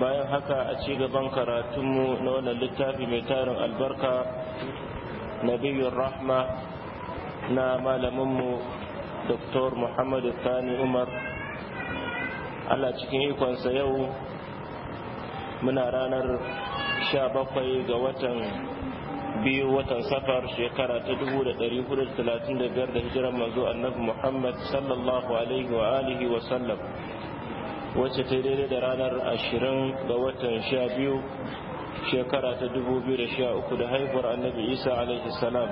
bayan haka a ci gaban karatunmu na wannan littafi mai tarin albarka nabiyun rahma na malaminmu dr muhammadu Sani umar allah cikin ikonsa yau muna ranar 17 ga watan biyu watan safar shekara ta 1435 da hijirar manzo annabi Muhammad sallallahu alaihi wa alihi wa sallam wacce ta daidai da ranar ashirin ga watan sha biyu shekara ta dubu biyu da sha uku da haihuwar annabi isa alaihi salam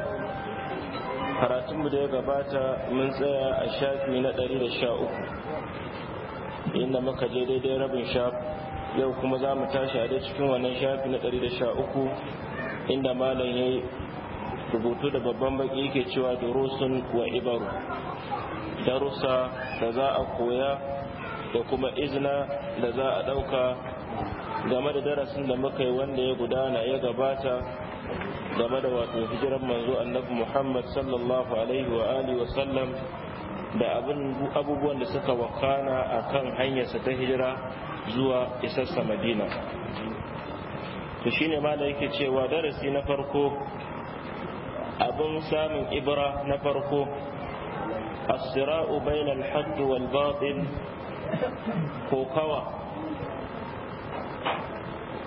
karatunmu da ya gabata mun tsaya a shafi na 113 da sha uku inda muka je daidai rabin shaf yau kuma za mu tashi a cikin wannan shafi na 113 da sha uku inda malam ya yi rubutu da babban baki yake cewa durusun wa ibaru darussa da za a koya da kuma izina da za a ɗauka game da darasin da muka yi wanda ya gudana ya gabata game da wato hijiran manzo annabi muhammad sallallahu alaihi wa alihi wa sallam da abubuwan da suka wakana a kan hanyarsa ta hijira zuwa isassa madina to shine ma da yake cewa darasi na farko abin samun ibra na farko الصراع بين الحق والباطل kokawa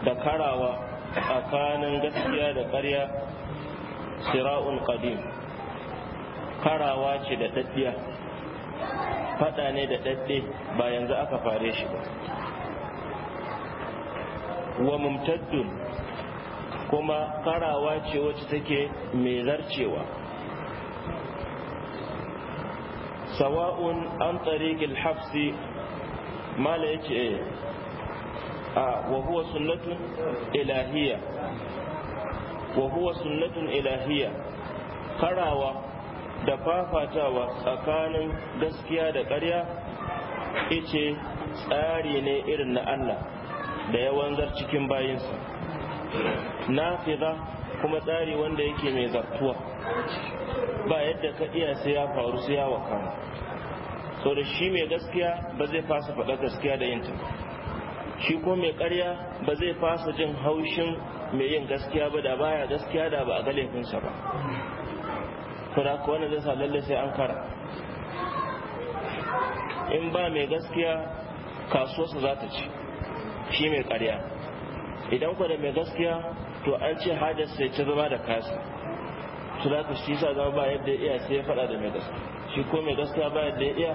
da karawa tsakanin gaskiya da ƙarya sira'un qadim karawa ce da daddiya fada ne da ɗaɗɗe ba yanzu aka fare shi ba wa mumtaddun kuma karawa ce wacce take mai zarcewa sawa'un an tsari hafsi mala ya ce eh, a wahuwa sunnatun ilahiyya sunnatun karawa da fafatawa tsakanin gaskiya da ƙarya ice tsari ne irin na Allah da ya wanzar cikin bayinsa nafiza kuma tsari wanda yake mai zartuwa ba yadda ka iya sai ya faru sai ya wakana da shi mai gaskiya ba zai fasa faɗa gaskiya da yin yinta shi ko mai ƙarya ba zai fasa jin haushin mai yin gaskiya ba da baya gaskiya da ba a ga laifinsa ba kuna ko wanda zai sa lalle sai an kara in ba mai gaskiya kasuwarsa za ta ci shi mai ƙarya idan ku da mai gaskiya to an ce hadarsa ya ci zama da kasa su za ta shi sa zama ba yadda iya sai ya faɗa da mai gaskiya shi ko mai gaskiya ba da iya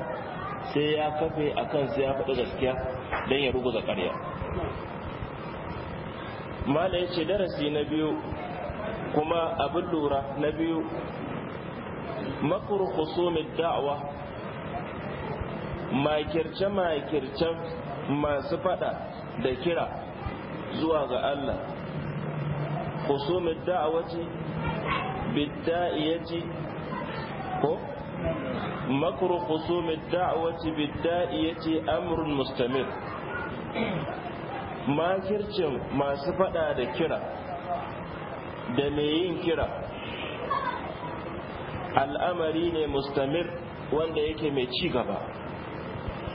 sai ya kafe a kan sai ya faɗi gaskiya don ya ruguza ƙarya mala ya ce darasi na biyu kuma abin lura na biyu makar husumin da'awa makirce-makircen masu faɗa da kira zuwa ga Allah husumin da'awaci bidda ko مكر خصوم الدعوة بالدائية أمر مستمر ما كرتم ما سفدا دا كرا da mai yin kira al'amari ne mustamir wanda yake mai ci gaba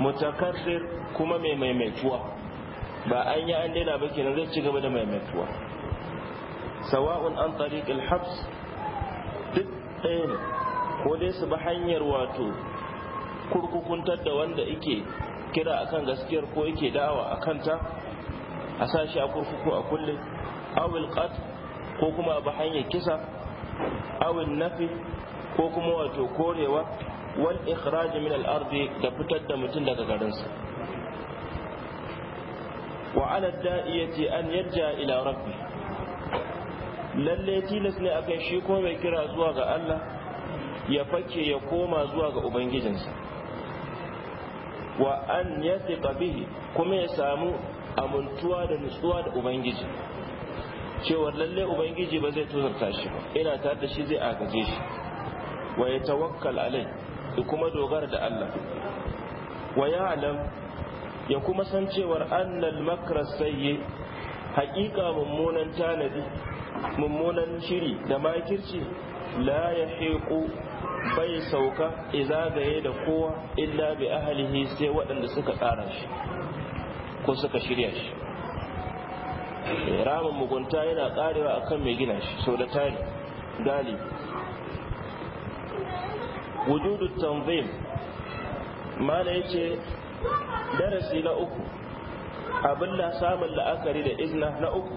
mutakarrir kuma mai maimaituwa ba an yi daina ba kenan zai ci gaba da maimaituwa sawa'un an tariq al-habs duk ɗaya ne ko dai su bi hanyar wato kurkukuntar da wanda ike kira akan gaskiyar ko yake da'awa a kanta a sashi a kurkuku a kullum awil qat ko kuma bi hanyar kisa awil nafi ko kuma wato korewa wal ikhraj min al ardi da fitar da mutum daga sa wa ala da'iyati an yarja ila rabbi lalle tilas ne akan shi ko mai kira zuwa ga Allah ya fake ya koma zuwa ga ubangijinsa wa an yathiqa bihi kuma ya samu amintuwa da nutsuwa da ubangiji cewa lalle ubangiji ba zai tuzarta shi ba ina tare da shi zai agaje shi wa ya tawakkal alai da kuma dogara da Allah wa ya alam ya kuma san cewar annal makra sayyi haƙiƙa mummunan tanadi mummunan shiri da makirci la ya bai sauka izagaye da kowa illa bi ahalihi sai waɗanda suka tsara shi ko suka shirya shi ramin mugunta yana karewa akan mai gina shi so da tari gali wujudu tanzim mana ya ce darasi na uku abin da samun la'akari da izna na uku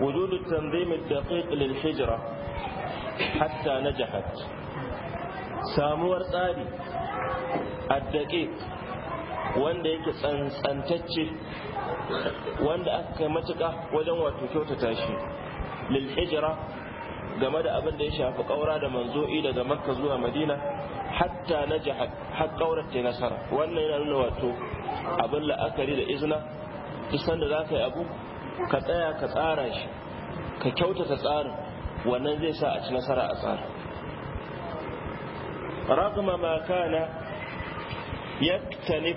wujudu tanzimin daƙiƙ lil hijira hatta na samuwar tsari addaƙe wanda yake tsantsantacce wanda aka kai matuƙa wajen wato kyautata shi lil hijira game da abin da ya shafi ƙaura da manzo'i daga makka zuwa madina hatta na jihar har ƙaurar ta nasara wannan yana nuna wato abin la'akari da izina duk sanda za ka yi abu ka tsaya ka tsara shi ka kyautata tsarin wannan zai sa a ci nasara a tsara ragama ma kana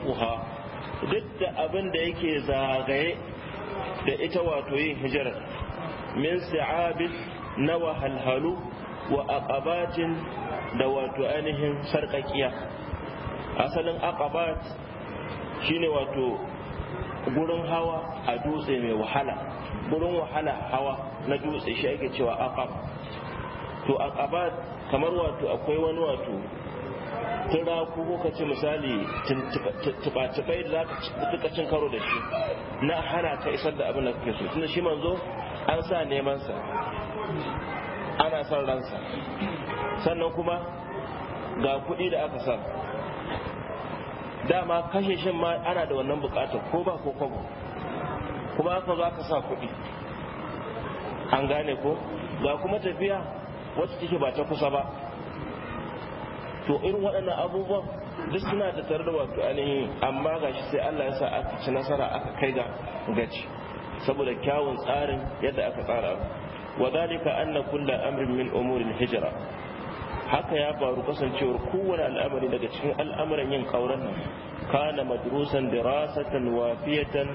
fuha duk da abin da yake zagaye da ita wato yin hijirar min sa'abin na wahalhalu wa aqabatin da wato ainihin sarƙaƙiya asalin aqabat shine wato gurin hawa a dutse mai wahala gurin wahala hawa na dutse shi ake cewa aqab to aqaba kamar wato akwai wani wato ku ko kuka ce misali tubatubai da zaka ka cin karo da shi na hana ka isar da abin da kake so tunda shi manzo an sa neman sa ana son ransa sannan kuma ga kuɗi da aka sa dama kashe shin ma ana da wannan bukatar ko ba ko kwabo kuma ka za ka sa kuɗi an gane ko ga kuma tafiya wacce take ba ta kusa ba to irin waɗannan abubuwan duk suna da tare da wato ainihin amma ga shi sai Allah ya sa aka ci nasara aka kai ga gaci saboda kyawun tsarin yadda aka tsara abu wa dalika anna kullu amrin min umuri hijra haka ya faru kasancewar kowane al'amari daga cikin al'amuran yin kauran nan kana madrusan dirasatan wafiyatan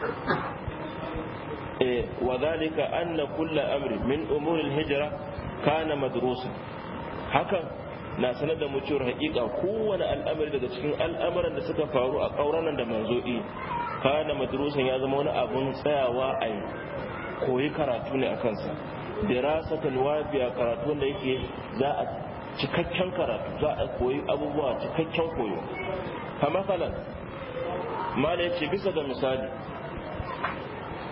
Eh, wa zalika anna kulla amri min umuril hijira kana madrusa hakan na sanar da mu cewar hakika kowane al'amari daga cikin al'amuran da suka faru a ƙauranan da manzo'i kana madrusan ya zama wani abun tsayawa a yi koyi karatu ne a kansa dirasatan biya karatu da yake za a cikakken karatu za a koyi abubuwa cikakken koyo kama falan mala ya ce bisa ga misali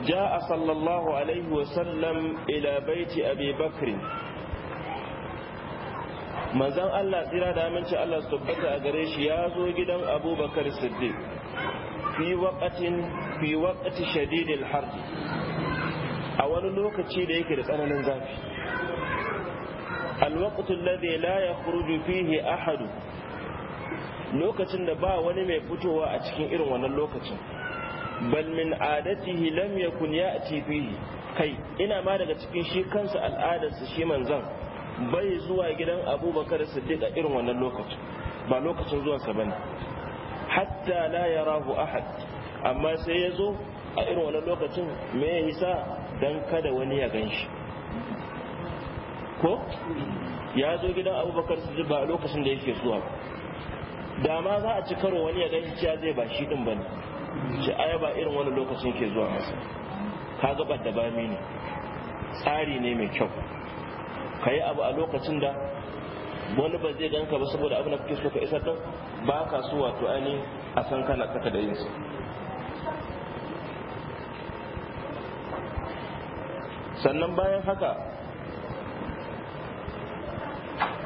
جاء صلى الله عليه وسلم إلى بيت manzan Allah tsira da aminci Allah su tabbata a gare shi ya zo gidan abubakar siddiq fi waqatin fi waqati shadidil harb a wani lokaci da yake da tsananin zafi alwaqtu alladhi la yakhruju fihi ahad lokacin da ba wani mai fitowa a cikin irin wannan lokacin bal min adatihi lam yakun ya'ti fihi kai ina ma daga cikin shi kansa al'adarsa shi manzon bai zuwa gidan abubakar siddiq a irin wannan lokacin ba lokacin zuwansa bane hatta la yarahu ahad amma sai ya zo a irin wannan lokacin me ya isa dan kada wani ya ganshi? ko ya zo gidan abubakar siddiq ba a lokacin da yake zuwa ba da ma za a ci karo wani ya ganshi cewa zai ba shi din bane shi aya ba irin wani lokacin ke zuwa masa ka gabar da bami ne tsari ne mai kyau ka yi abu a lokacin da wani ba zai ganka ba saboda abin da kake so ka isar da ba ka so wato ainihin a san kana tsaka da yinsa sannan bayan haka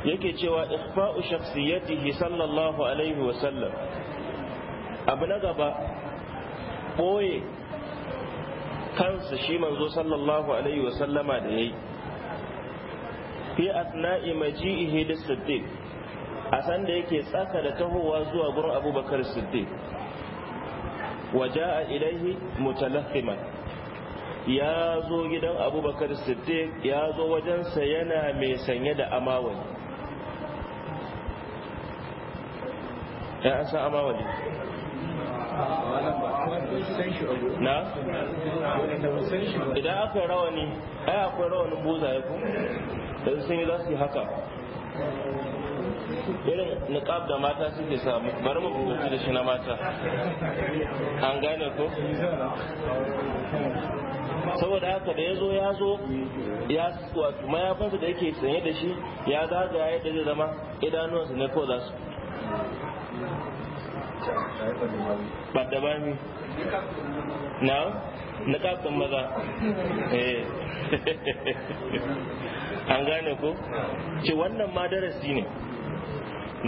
yake cewa ikfa'u shakhsiyatihi sallallahu alaihi wa sallam abu na gaba ɓoye kansa shi manzo sallallahu alaihi wa sallama da ya yi fi asna'i maji'ihi da siddiq a sanda yake tsaka da tahowa zuwa gurin abubakar siddiq a ilaihi mutalaffiman ya zo gidan abubakar siddiq ya zo wajensa yana mai sanye da amawali ya an san amawali na idan aka rawani ai akwai rawanin ya ku da sun yi za su yi haka irin niqab da mata suke samu bari mu buɗe da shi na mata an gane ko saboda haka da ya zo ya zo ya wato mayafinsa da yake sanye da shi ya zagaya yadda zai zama idanuwansa ne ko za su ba na na kafin maza eh. an gane ko wannan ma darasi ne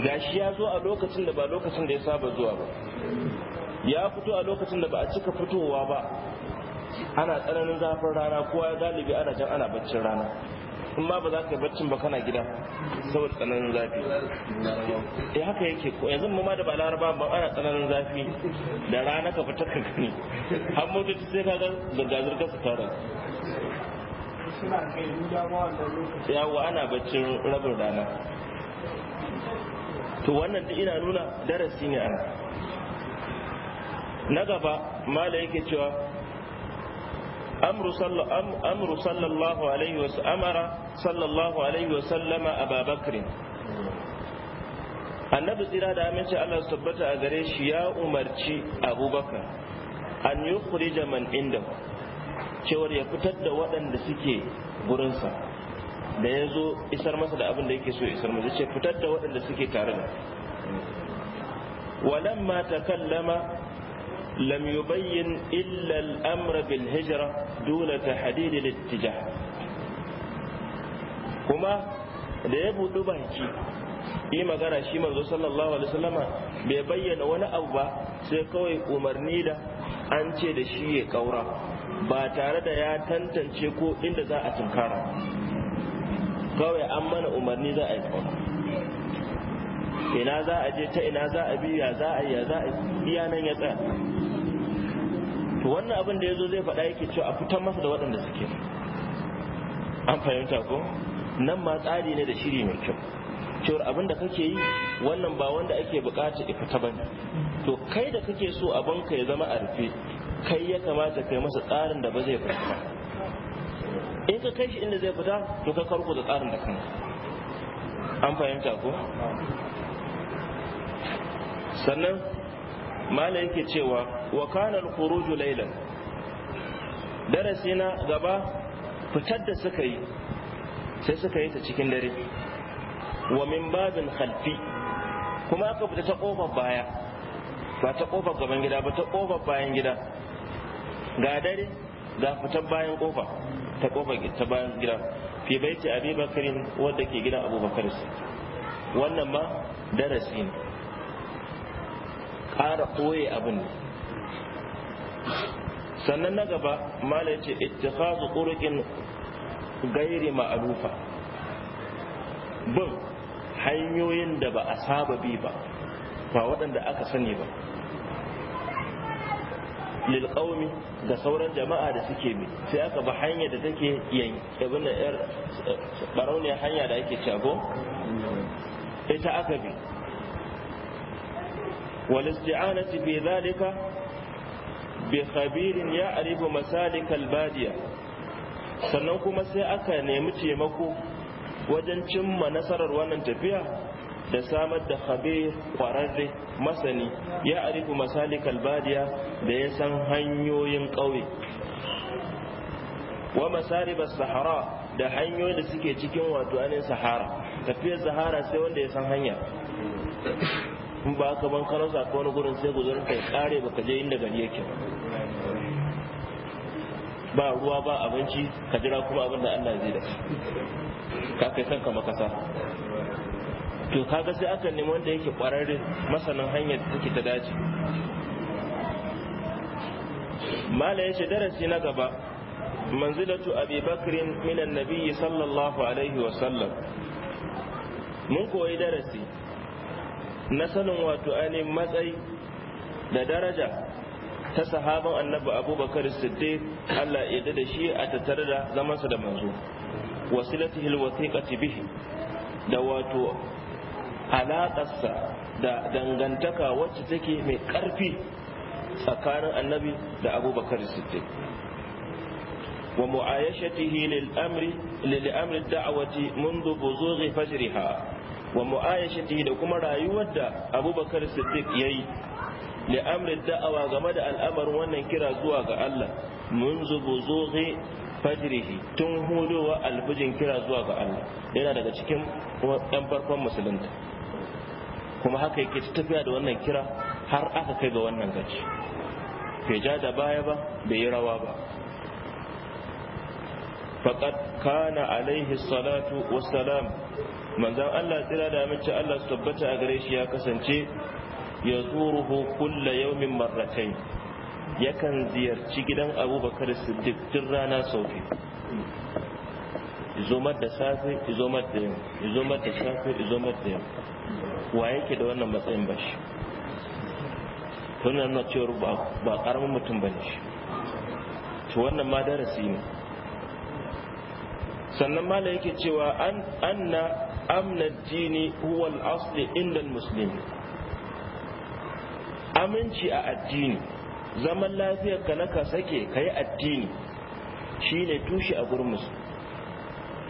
gashi ya zo a lokacin da ba lokacin da ya saba zuwa ba ya fito a lokacin da ba a cika fitowa ba ana tsananin zafin rana kowa ya galibi ana can, ana baccin rana in ma ba za ka baccin ba kana gida saboda tsananin zafi eh haka yake ko yanzu ma da ba laraba ba ana tsananin zafi da rana ka fita ka gani har duk sai ka ga zirga ka tsara tara yawa ana baccin rabin rana to wannan duk ina nuna darasi ne ana na gaba mala yake cewa amru sallallahu alaihi wa amara sallallahu alaihi wa sallama aba bakr annabi tsira da aminci Allah su tabbata a gare shi ya umarci abubakar an yi kurija man inda cewar ya fitar da waɗanda suke gurinsa da ya zo isar masa da abin da yake so isar masa ce fitar da waɗanda suke tare da walamma takallama amra يبين إلا الأمر بالهجرة دون Kuma da ya ليبدو baki, i magana shi manzo sallallahu alaihi wasallama bai bayyana wani abu ba sai kawai umarni da an ce da shi ya ƙaura, ba tare da ya tantance ko inda za a tunkara kawai an mana umarni za a yi kaura ina za a je ta ina za a ya za a ya za a biya nan ya tsaya to wannan abin da ya zo zai faɗa yake cewa a fitar masa da waɗanda suke an fahimta ko nan ma tsari ne da shiri mai kyau cewar abin da kake yi wannan ba wanda ake bukata ya fita ba to kai da kake so abin ka ya zama a rufe kai ya kamata kai masa tsarin da ba zai fita in ka kai shi inda zai fita to ka karko da tsarin da kanka an fahimta ko sannan mala yake cewa wa kana al-khuruju laylan darasi na gaba fitar da suka yi sai suka yi ta cikin dare wa min babin khalfi kuma aka fita ta kofar baya ba ta kofar gaban gida ba ta kofar bayan gida ga dare ga fitar bayan kofa ta kofar ta bayan gida fi baiti abi bakarin wadda ke gidan abubakar wannan ma darasi ne ƙara koye abin ne sannan na gaba mala ya ce ittikhazu ƙurƙin gairi ma'arufa bin hanyoyin da ba a saba bi ba ba waɗanda aka sani ba lilƙaumi ga sauran jama'a da suke bi sai aka ba hanya da take yanke bin yar barauniyar hanya da ake cago ita aka bi والاستعانة في ذلك بخبير يعرف مسالك البادية sannan kuma sai aka nemi taimako wajen cimma nasarar wannan tafiya da samar da khabir kwararre masani ya arifu masalik albadiya da ya san hanyoyin ƙauye wa masaribar sahara da hanyoyin da suke cikin wato anin sahara tafiyar sahara sai wanda ya san hanya in ba ka ban karar sa wani gurin sai guzurin kai kare baka je inda gari yake ba ruwa ba abinci ka jira kuma abin da Allah zai da ka kai kanka makasa to kaga sai aka nemi wanda yake kwararre masanin hanyar da take ta dace mala ya ce darasi na gaba manzilatu abi bakrin minan nabiyyi sallallahu alaihi wa sallam mun koyi darasi na sanin wato ainihin matsayi da daraja ta sahaban annabi abubakar siddiq allah ya da shi a tattare da zamansa da manzo wasilatihi alwathiqati bihi da wato alaƙarsa da dangantaka wacce take mai ƙarfi tsakanin annabi da abubakar siddiq wa mu'ayashatihi lil amri lil amri da'wati mundu buzughi fajriha wa mu'ayashatihi da kuma rayuwar da abubakar siddiq yayi yi li'amrin da'awa game da al'amarin wannan kira zuwa ga Allah mun zubu fajrihi tun hudowa alfijin kira zuwa ga Allah yana daga cikin ɗan farkon musulunta kuma haka yake tafiya da wannan kira har aka kai ga wannan gaci bai ja da baya ba bai yi rawa ba faqad kana alaihi salatu wassalam manzan Allah tsira da amince Allah su tabbata a gare shi ya kasance ya zuruhu kulla yaumin marratai yakan ziyarci gidan abubakar siddiq tun rana sau biyu izomar da safe izomar da yamma izomar da safe izomar da yamma wa yake da wannan matsayin ba shi tunan na cewar ba karamin mutum ba ne shi to wannan ma darasi ne sannan da yake cewa an na. amna dini هو الأصل asli المسلم aminci a addini zaman lafiyar ka na ka sake ka yi addini shine tushe a gurin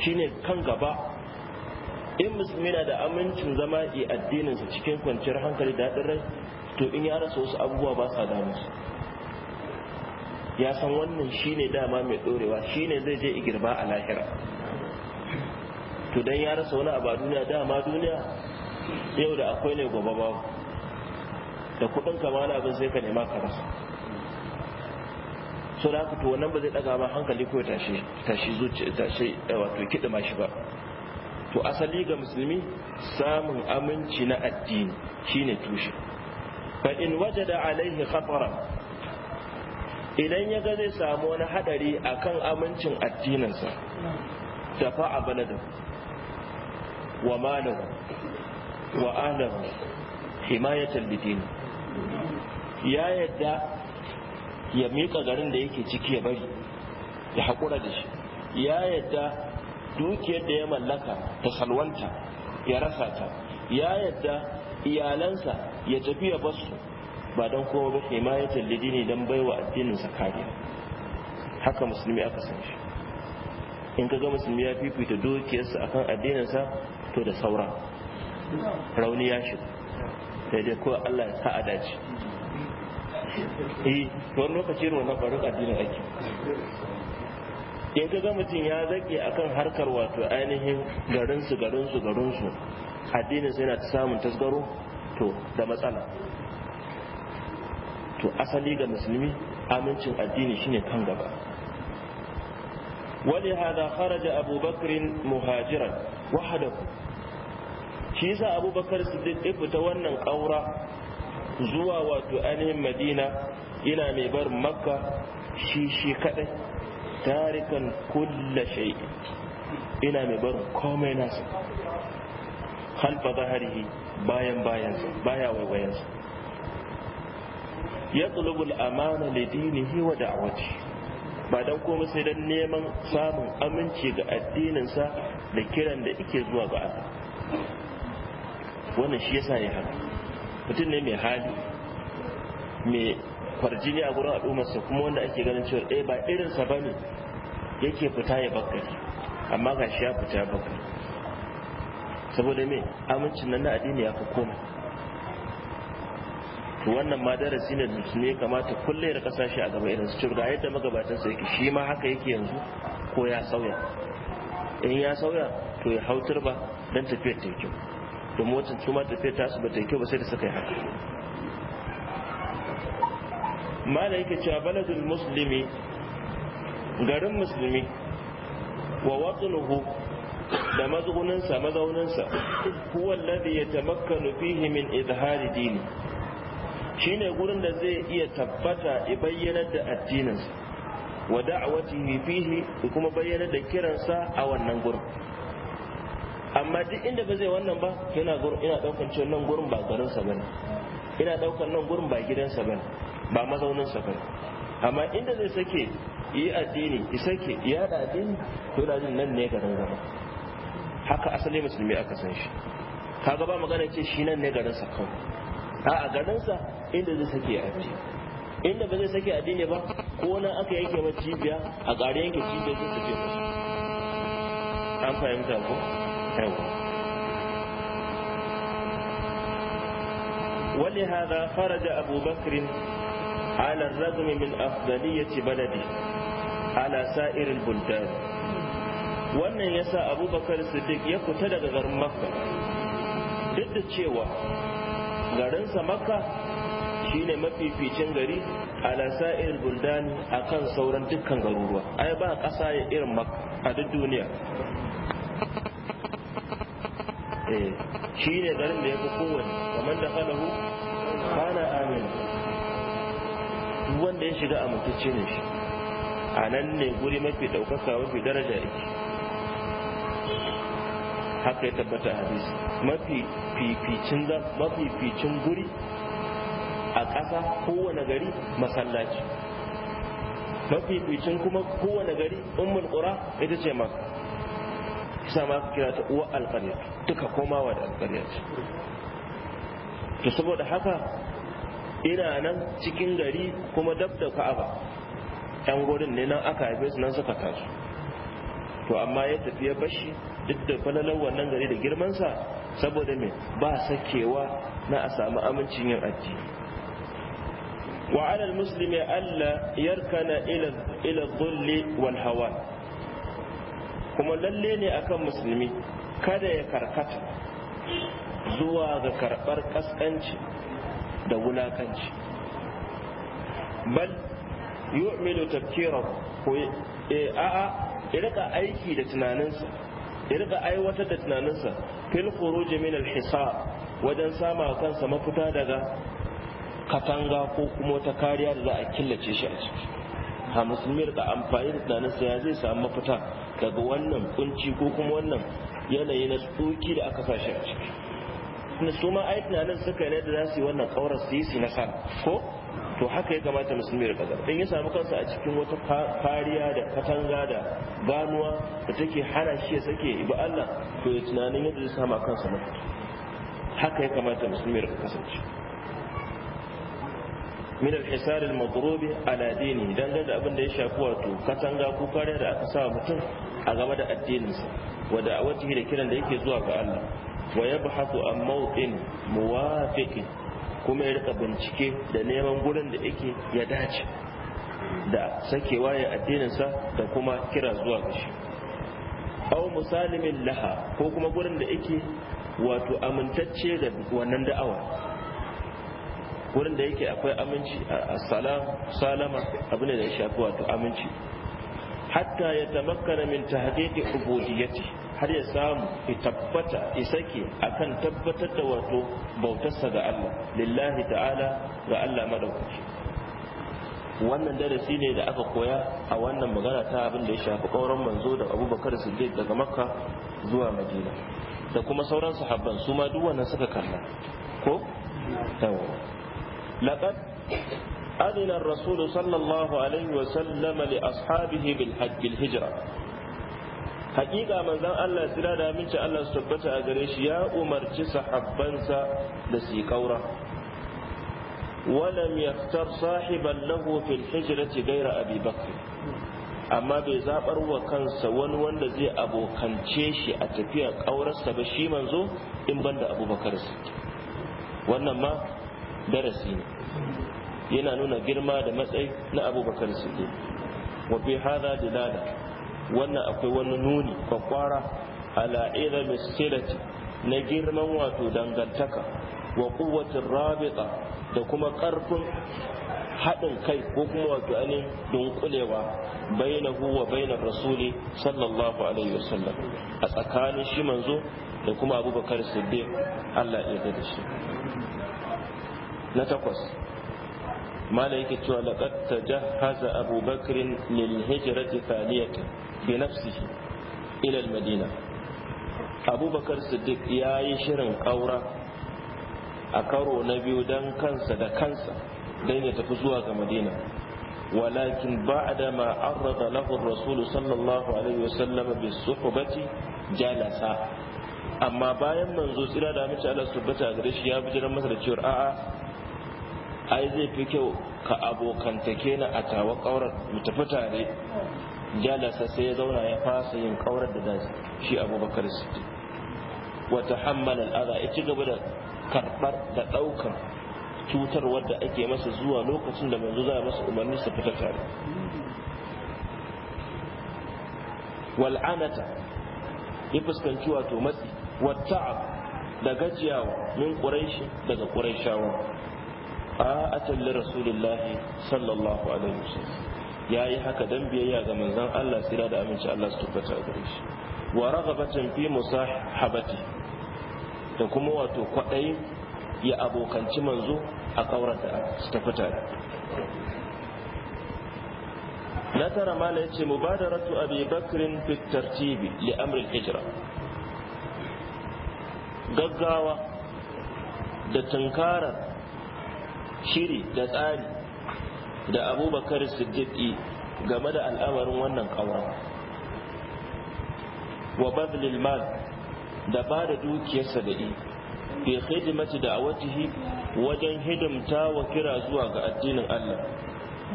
shine kan gaba in musulmi na da amincin zama i addininsa cikin kwanciyar hankali da daɗin rai to in ya rasa wasu abubuwa ba sa damu ya san wannan shine dama mai ɗorewa shine zai je igirba a lahira to dan ya rasa wani abu a duniya dama duniya yau da akwai ne gobe ba da kudin ka wani abin sai ka nema ka rasa so da haka to wannan ba zai daga ma hankali ko tashi tashi zuci tashi eh, wato kidima shi ba to asali ga musulmi samun aminci na addini shine tushe fa in wajada alaihi khatara idan ya ga zai samu wani hadari akan amincin addininsa tafa a baladin wa malahum wa ahlahum himayatan ya yadda ya miƙa garin da yake ciki ya bari ya haƙura da shi ya yadda dukiyar da ya mallaka ta salwanta ya rasa ta ya yadda iyalansa ya tafi ya basu ba don kowa ba himayatan lidini don baiwa addininsa kariya haka musulmi aka san shi in ka ga musulmi ya fifita dukiyarsa akan addininsa fito da sauran rauni ya shi da dai ko Allah ya sa a dace yi eh, wani lokaci ruwa na barin addinin ake yanka ga mutum ya zaƙe a kan harkar wato ainihin garinsu garinsu garinsu addinin sai na ta samun tasgaro to da matsala to asali ga musulmi amincin addini shine kan gaba ولهذا خرج أبو بكر مهاجرا وحده shi yasa abubakar siddiq ya fita wannan aura zuwa wato ainihin madina yana mai bar makka shi shi kadai tarikan kulla shay ina mai bar komai nasa khalfa zaharihi bayan bayansa baya waiwayansa ya tsulubul amana lidinihi wa da'awati ba dan komai sai dan neman samun aminci ga addininsa da kiran da ike zuwa ga Allah wannan shi yasa ya haka mutum ne mai hali mai kwarjini a gurin al'ummarsa kuma wanda ake ganin cewa ɗaya eh, ba irinsa ba ne yake fita ya bakari amma ga shi ya fita ya bakari saboda me amincin nan na addini ya fi koma to wannan ma darasi ne da ne kamata kullum da kasashe a gaba irin su ga yadda magabatansa yake shi ma haka yake yanzu ko ya sauya in ya sauya to ya hautar ba don tafiyar ta yi kyau domin wata su ma tafiyar tasu ba ta yi kyau ba sai da suka yi haka mala yake cewa baladul musulmi garin musulmi wa nuhu da mazauninsa mazauninsa ya ya yatamakkanu fihi min izhari dini shine gurin da zai iya tabbata ya bayyanar da addininsa wa da'awatihi fihi kuma bayyanar da kiransa a wannan gurin amma duk inda ba zai wannan ba yana ina daukan cewa nan gurin ba garinsa bane ina daukan nan gurin ba gidansa bane ba mazauninsa bane amma inda zai sake yi addini ya sake ya da addini to da jin nan ne garin zama haka asali musulmi aka san shi kaga ba magana ce shi nan ne garin sa kawai a a garin sa inda zai sake addini inda ba zai sake addini ba ko nan aka yanke cibiya a garin yanke cibiyar zai sake an fahimta ko ولهذا خرج أبو بكر على الرغم من أفضلية بلده على سائر البلدان wannan ya sa abubakar siddiq ya fita daga garin makka duk da cewa garinsa makka shine mafificin gari ala sa'ir buldani akan sauran dukkan garuruwa ai ba ƙasa irin makka a duk duniya Eh, shi ne garin da ya fi kowane kamar da falahu kana amina wanda ya shiga mutacce ne shi a nan ne guri mafi ɗaukaka mafi daraja yake haka ya tabbata a hadisi mafi fificin mafi ficin guri a ƙasa kowane gari masallaci mafi ficin kuma kowane gari ummul qura ita ce maka sama ma ka kira ta uwa alƙarya duka komawa da alƙarya to saboda haka ina nan cikin gari kuma dab da ka'aba yan gurin ne nan aka haife su nan suka taso to amma ya tafi ya bashi duk da falalar wannan gari da girmansa saboda mai ba sakewa na a samu amincin yin addini wa alal muslimi alla yarkana ila ila dhulli wal hawa kuma lalle ne akan musulmi kada ya karkata zuwa ga karɓar ƙasƙanci da wulakanci bal yu'milu tafkirahu ko eh, a'a ya rika aiki da tunaninsa ya rika aiwatar da tunaninsa fil khuruj min al wajen sama kansa mafuta daga katanga ko kuma wata kariya da za a killace shi a ciki ha musulmi da amfani da tunaninsa ya zai samu mafita daga wannan kunci ko kuma wannan yanayi na tsoki da aka sashi a ciki na su ma ai tunanin suka yi da za su yi wannan kaurar su yi su nasara ko to haka ya kamata musulmi da kaza in ya samu kansa a cikin wata kariya da katanga da ganuwa da take hana shi ya sake ba Allah to ya tunanin yadda zai samu kansa mafita haka ya kamata musulmi da kasance min al-hisar al-madrub ala dini dan da abin da ya shafi wato katanga ko kare da aka sa mutum a game da addininsa wa da'awatihi da kiran da yake zuwa ga Allah wa yabhathu an mawqin muwafiq kuma ya rika bincike da neman gurin da yake ya dace da sakewa ya addininsa da kuma kira zuwa ga shi aw musalimin laha ko kuma gurin da yake wato amintacce ga wannan da'awa wurin da yake akwai aminci Salam salama abu ne da ya shafi wato aminci hatta ya tamakkana min tahqiqi ubudiyyati har ya samu ya tabbata ya sake akan tabbatar da wato bautarsa ga Allah lillahi ta'ala ga Allah madaukaki wannan darasi ne da aka koya a wannan magana ta abin da ya shafi kauran manzo da abubakar siddiq daga makka zuwa madina da kuma sauran sahabban su ma duk wannan suka kalla ko tawo laqad adina ar-rasul sallallahu alaihi wa sallam li ashabihi bil hakika manzon Allah sira da aminci Allah su tabbata a gare shi ya umarci sahabansa da su kaura ولم يختر صاحبا له في الحجرة غير أبي amma bai zabar wa kansa wani wanda zai abokance shi a tafiya ƙaurarsa ba shi manzo in banda abubakar su wannan ma darasi ne yana nuna girma da matsayi na abubakar suke wafi fi dilala wannan akwai wani nuni kwakwara ala ilmi silati na girman wato dangantaka wa kuwatin rabita da kuma karfin haɗin kai ko kuma wato anin dunkulewa bainahu wa bainar rasuli sallallahu alaihi wasallam a tsakanin shi manzo da kuma abubakar siddiq Allah ya gada shi na takwas mala yake cewa laqad tajahhaza Abu Bakr lil hijrati thaliyatan bi nafsihi ila al Madina Abubakar Bakar ya yi shirin kaura a karo na biyu dan kansa da kansa dan ya tafi zuwa ga Madina ولكن بعدما da له الرسول sallallahu alaihi wasallam bi بالصحبة jalasa amma bayan manzo tsira da mace Allah subhata gare shi ya bijiran masa da cewa a'a ai zai fi kyau ka abokantake na a tawa ƙaurar mu tafi tare jalasa sai ya zauna ya fasa yin ƙaurar da daji shi abubakar siddi wata hammalin al'ada ya ci gaba da karɓar da ɗaukar cutar wadda ake masa zuwa lokacin da manzo za masa umarni su fita tare wal'anata ya fuskanci wato matsi wata da gajiyawa min ƙuraishi daga ƙuraishawa ta'atan li rasulillahi sallallahu alaihi wasallam yayi haka dan biyayya ga manzon Allah sira da aminci Allah su tabbata gare shi wa raghabatan fi musahabati da kuma wato kwadai ya abokanci manzo a kaurata su tafi tare na tara mala ya ce mubadaratu abi bakrin fi tartibi li amrin hijira gaggawa da tunkarar shiri da tsari da abubakar siddiqi game da al'amarin wannan ƙauran wa bazlil mal da ba da dukiyarsa da i fi khidmati da awatihi wajen hidimta wa kira zuwa ga addinin Allah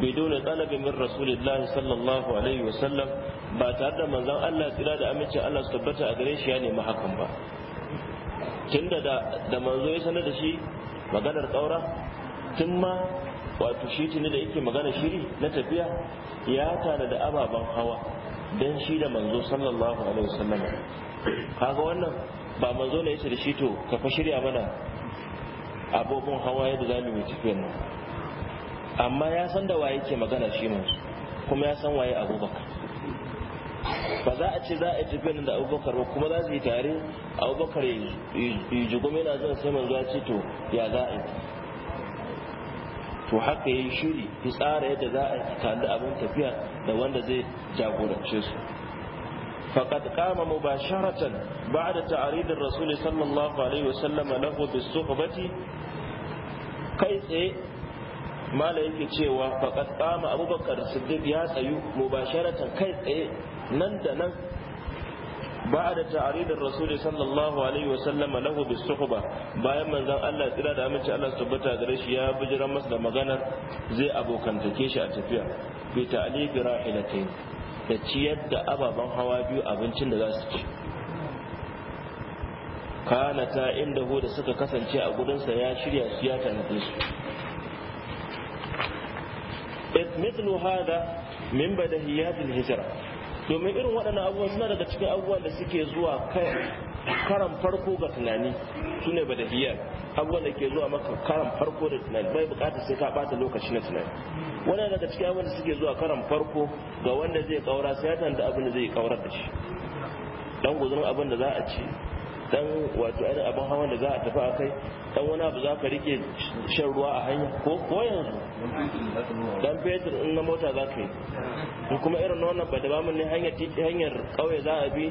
bidon talabi min rasulillahi sallallahu alaihi wa sallam ba tare da manzon Allah tsira da amincin Allah su tabbata a gare shi ya nemi hakan ba tunda da da manzo ya sanar da shi maganar ƙaura tun ma wato shi tuni da yake magana shiri na tafiya ya tana da ababen hawa don shi da manzo sallallahu alaihi wasallam kaga wannan ba manzo ne yace da shi to ka fa shirya mana abubuwan hawa yadda za mu yi tafiyar nan amma ya san da waye ke magana shi manzo kuma ya san waye abubakar ba za a ce za a yi tafiyar da abubakar ba kuma za su yi tare abubakar ya jigome na zan sai manzo ya ce to ya za a yi to haka yi shiri ya tsara yadda za a kalli abin tafiya da wanda zai jagorance su فقد قام مباشرة بعد تعريض الرسول صلى الله عليه وسلم له kai tsaye. mala yake cewa faqad qama abubakar siddiq ya tsayu mubasharatan kai tsaye nan da nan بعد تعريض الرسول صلى الله عليه وسلم له بالصحبة bayan manzon Allah tsira da aminci Allah bata gare shi ya bijira masa da maganar zai abokantake shi a tafiya bi ta'libi rahilatayn da ciyar da ababen hawa biyu abincin da za su ci kana ta inda da suka kasance a gurinsa ya shirya su ya tanade su mithlu hada min badahiyatil hijra domin irin waɗannan abubuwan suna daga cikin abubuwan da suke zuwa karan farko ga tunani su ne hiyar abubuwan da ke zuwa maka karan farko da tunani bai bukatar sai ka bata lokaci na tunani wannan daga cikin abubuwan da suke zuwa karan farko ga wanda zai kaura sai ya tanda abin da zai kaurar da shi dan guzurin abin da za a ci dan wato ainihin abin hawan da za a tafi a kai dan wani abu za ka rike shan ruwa a hanya ko koyan yanzu dan fetur in na mota za ka yi in kuma irin wannan ba da ba mun ne hanyar hanyar kauye za a bi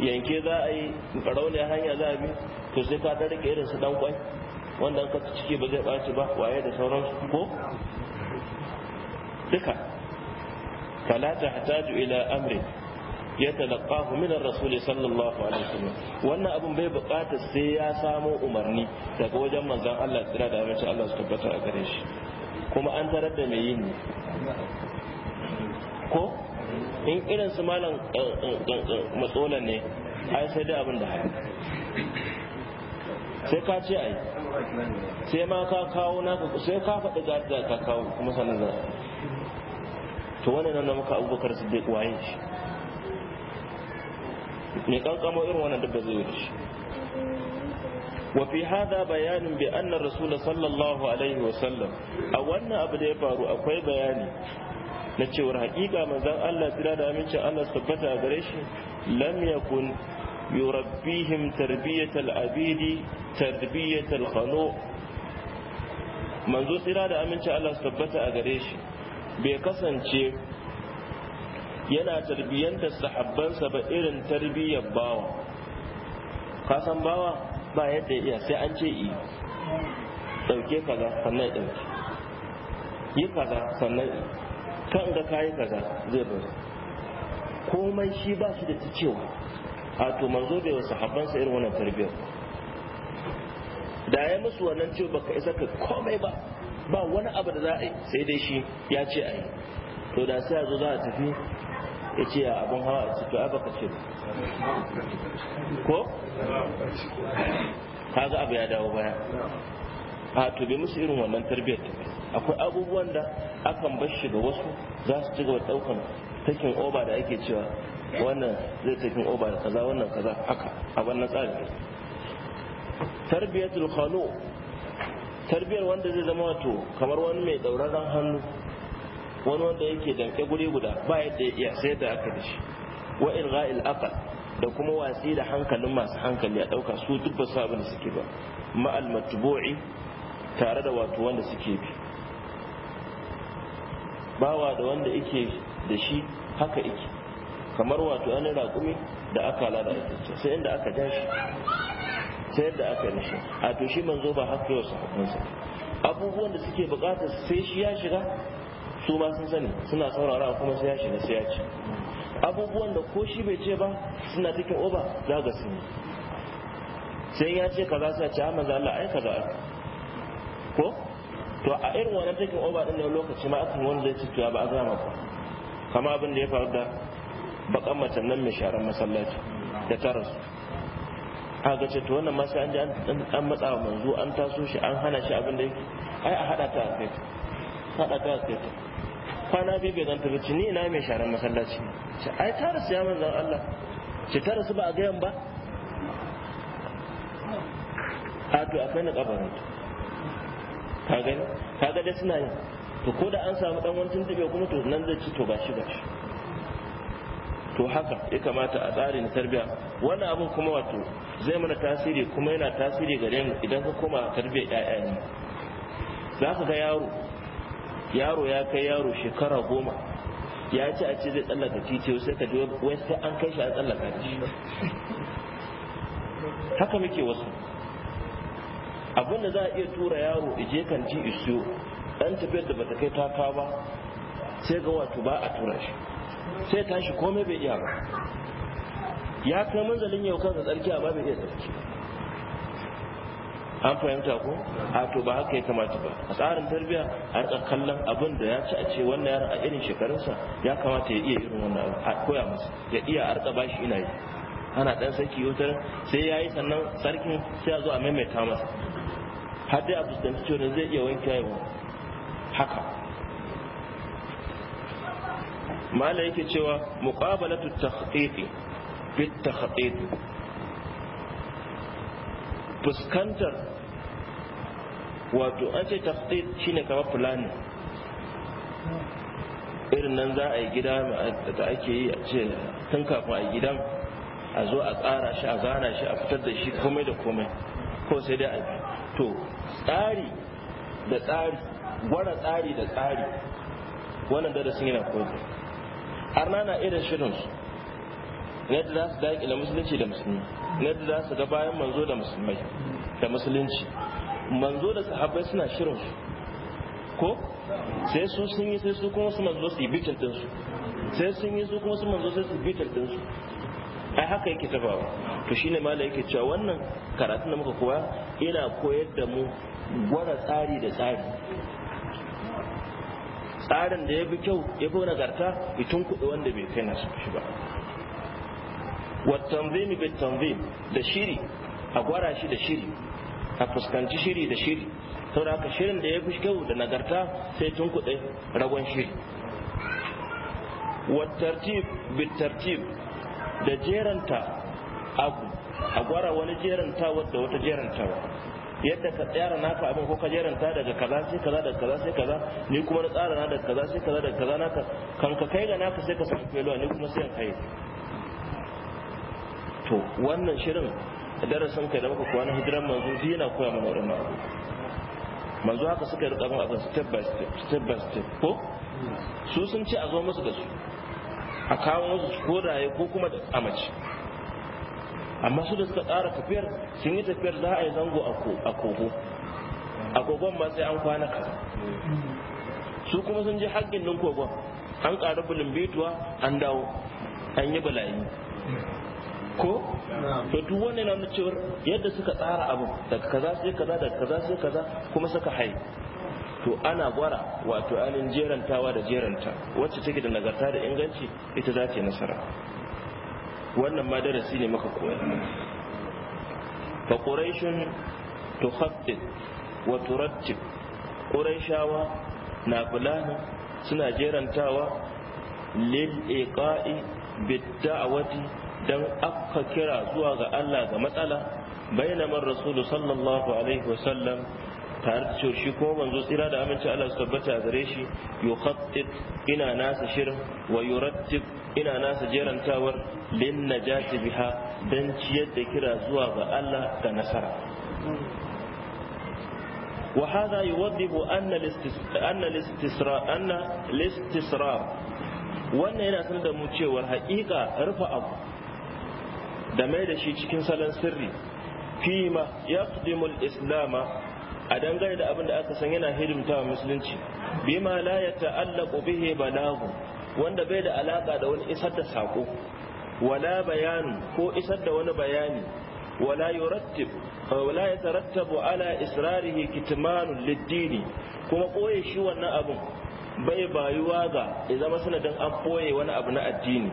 yanke za a yi barauniya hanya za a bi to sai ka ɗan rike irin su dan kwai wanda ka ciki ba zai ɓaci ba waye da sauransu ko duka fala tahtaju ila amri ya talaqahu min ar-rasul sallallahu alaihi wasallam wannan abun bai bukata sai ya samo umarni daga wajen manzon Allah tsira da amince Allah su tabbata a gare shi kuma an tarar da mai yin ko in irin su malam eh, eh, eh, matsolan ne ai sai dai abin da haya sai ka ce ai sai ma ka kawo naka sai ka faɗi ga ka kawo kuma sanin za to wani nan muka abubakar siddiq waye shi Mai kankamo irin wannan dabba zai wuce wafi hada bayanin bi an nan rasu sallallahu alaihi wasallam a wannan abu na ya faru akwai bayani na cewar hakika manzan allah sira da amincin allah su tabbata a gare shi lam yakun yurabbihim tarbiyatal abidi tarbiyatal khano manzo sira da amincin allah su a gare shi bai kasance yana tarbiyyantar sahabbansa ba irin tarbiyyar bawa kasan bawa ba yadda iya sai an ce yi. ɗauke kaza sannan ɗauke yi kaza sannan kan ga kayi kaza zai bari komai shi ba shi da ta cewa a to manzo bai wa sahabbansa irin wannan tarbiyyar da ya musu wannan cewa baka isa ka komai ba ba wani abu da za a yi sai dai shi ya ce a yi to da sai a zo za a tafi ya ce ya abin hawa a cikin abin baka ce ko kaga abu ya dawo baya a tobe bai musu irin wannan tarbiyyar ta akwai abubuwan da akan bar shi ga wasu za su ci gaba daukan takin oba da ake cewa wannan zai takin oba da kaza wannan kaza haka a wannan tsari tarbiyyar khalu tarbiyyar wanda zai zama wato kamar wani mai tsauraran hannu wani wanda yake danke guri guda ba yadda ya iya sai da aka dashi wa ilgha'il aqal da kuma wasi da hankalin masu hankali a dauka su duk ba su abin da suke ba ma'al matbu'i tare da wato wanda suke bi bawa da wanda yake da shi haka yake kamar wato an raƙumi da aka lada ita sai inda aka ja shi sai yadda aka nishi a to shi manzo ba haka yau sahabbansa abubuwan da suke bukatar sai shi ya shiga su ma sun sani suna saurara kuma sai ya shiga sai ya ci abubuwan da ko shi bai ce ba suna cikin oba za ga sun yi sai ya ce kaza sai ce amma ah, Allah ai kaza ko to a irin wannan cikin oba din nan lokaci ma akan wanda zai ci to ba a ga ba kama abin da ya faru da bakan macen nan mai sharan masallaci da tara su a ga ce to wannan ma sai an ji an matsa wa manzo an taso shi an hana shi abin da yake ai a hada ta a kai ta hada ta a kai ta kwana biyu bai zanta ba ni ina mai sharan masallaci ce ai ta rasu ya manzan Allah ce ta rasu ba a gayan ba a to akwai na kabarin ka gani ka gani suna yin to ko da an samu dan wani tuntube kuma to nan zai ci to ba shi. to haka ya kamata a tsarin tarbiya wannan abin kuma wato zai mana tasiri kuma yana tasiri gare mu idan ka koma tarbiyyar ƴaƴa ne za ka ga yaro yaro ya kai yaro shekara goma ya ci a ce zai tsallaka titi sai ka ji wasu sai an kai shi a tsallaka titi. haka muke wasu abinda za a iya tura yaro ije kan ji isu dan tafiyar da bata kai taka ba sai ga wato ba a tura shi sai tashi komai bai iya ba ya kai manzalin yau kansa tsarki amma bai iya tsarki ba an fahimta ko a to ba haka ya kamata ba a tsarin tarbiyya a rika kallon abin da ya ci a ce wannan yaron a irin shekarunsa ya kamata ya iya irin wannan a koya masa ya iya a rika bashi ina yi ana dan sarki wutar sai ya yi sannan sarkin sai ya zo a maimaita masa har dai a fuskanci cewa zai iya wanke yawa haka mala yake cewa muqabalatu takhtiqi bit takhtiqi fuskantar wato an ce tafsir shine kamar fulani irin nan za a yi gida da ake yi a ce tun kafin a gidan a zo a tsara shi a zana shi a fitar da shi komai da komai ko sai dai a to tsari da tsari gwara tsari da tsari wannan da sun yana kogo arna na irin shirinsu na yadda za su daƙi da musulunci da musulmi na yadda za su ga bayan manzo da musulmai da musulunci manzo da sahabbai suna shirin su ko sai su sun yi sai su kuma su manzo su yi bitar ɗinsu sai sun yi su kuma su manzo sai su yi bitar ɗinsu ai haka yake tafawa to shine mala yake cewa wannan karatu da muka koya yana koyar da mu gwada tsari da tsari tsarin da ya fi kyau ya fi nagarta itun kuɗi wanda bai kai nasu shi ba Wa wattanzimi bai tanzim da shiri a gwara shi da shiri ka fuskanci shiri da shiri saboda haka shirin da ya fi kyau da nagarta sai tun kuɗe ragon shiri bi tartib da jeranta abu a gwara wani jeranta wadda wata jerantawa yadda ka tsara naka abin ko ka jeranta daga kaza sai kaza daga kaza sai kaza ni kuma na tsara na daga kaza sai kaza daga kaza naka kan ka kai ga naka sai ka samu feluwa ni kuma sai in kai to wannan shirin darasin kai da muka kuwa na hijiran manzo duk yana koya mana waɗannan abu manzo haka suka rika mun abin step by step step by step ko su sun ce a zo musu da su a kawo musu ko raye ko kuma da amace amma su da suka tsara tafiyar sun yi tafiyar za a yi zango a kogo a kogon ma sai an kwana kaza su kuma sun je haƙƙin nan kogon an bulin bituwa an dawo an yi bala'i ko to duk wannan na cewar yadda suka tsara abu daga kaza sai kaza daga kaza sai kaza kuma suka hai to ana gwara wato ainihin jerantawa da jeranta wacce take da nagarta da inganci ita za ta yi nasara wannan ma darasi ne maka koya fa quraishun tukhaffif wa turattib quraishawa na fulani suna jerantawa lil iqa'i bid da'wati dan aka kira zuwa ga Allah ga matsala bainamar rasulu sallallahu alaihi wasallam tare da cewa shi kuma manzo tsira da aminci Allah su tabbata gare shi yukhattib ina nasa shirin wa yurattib ina nasa jerantawar lin najati biha don ciyar da kira zuwa ga Allah da nasara وهذا يوضح أن الاستسراء أن الاستسراء wannan yana sanar da mu cewa haƙiƙa rufe abu da mai da shi cikin salon sirri fima ya islama a dangane da abin da aka san yana hidimta wa musulunci bima la ya ta'alla bihi balagu wanda bai da alaka da wani isar da sako wala bayanu ko isar da wani bayani wala yurattib wala yatarattabu ala israrihi kitmanu lid kuma koye shi wannan abin bai bayuwa ga ya zama sanadin an boye wani abu na addini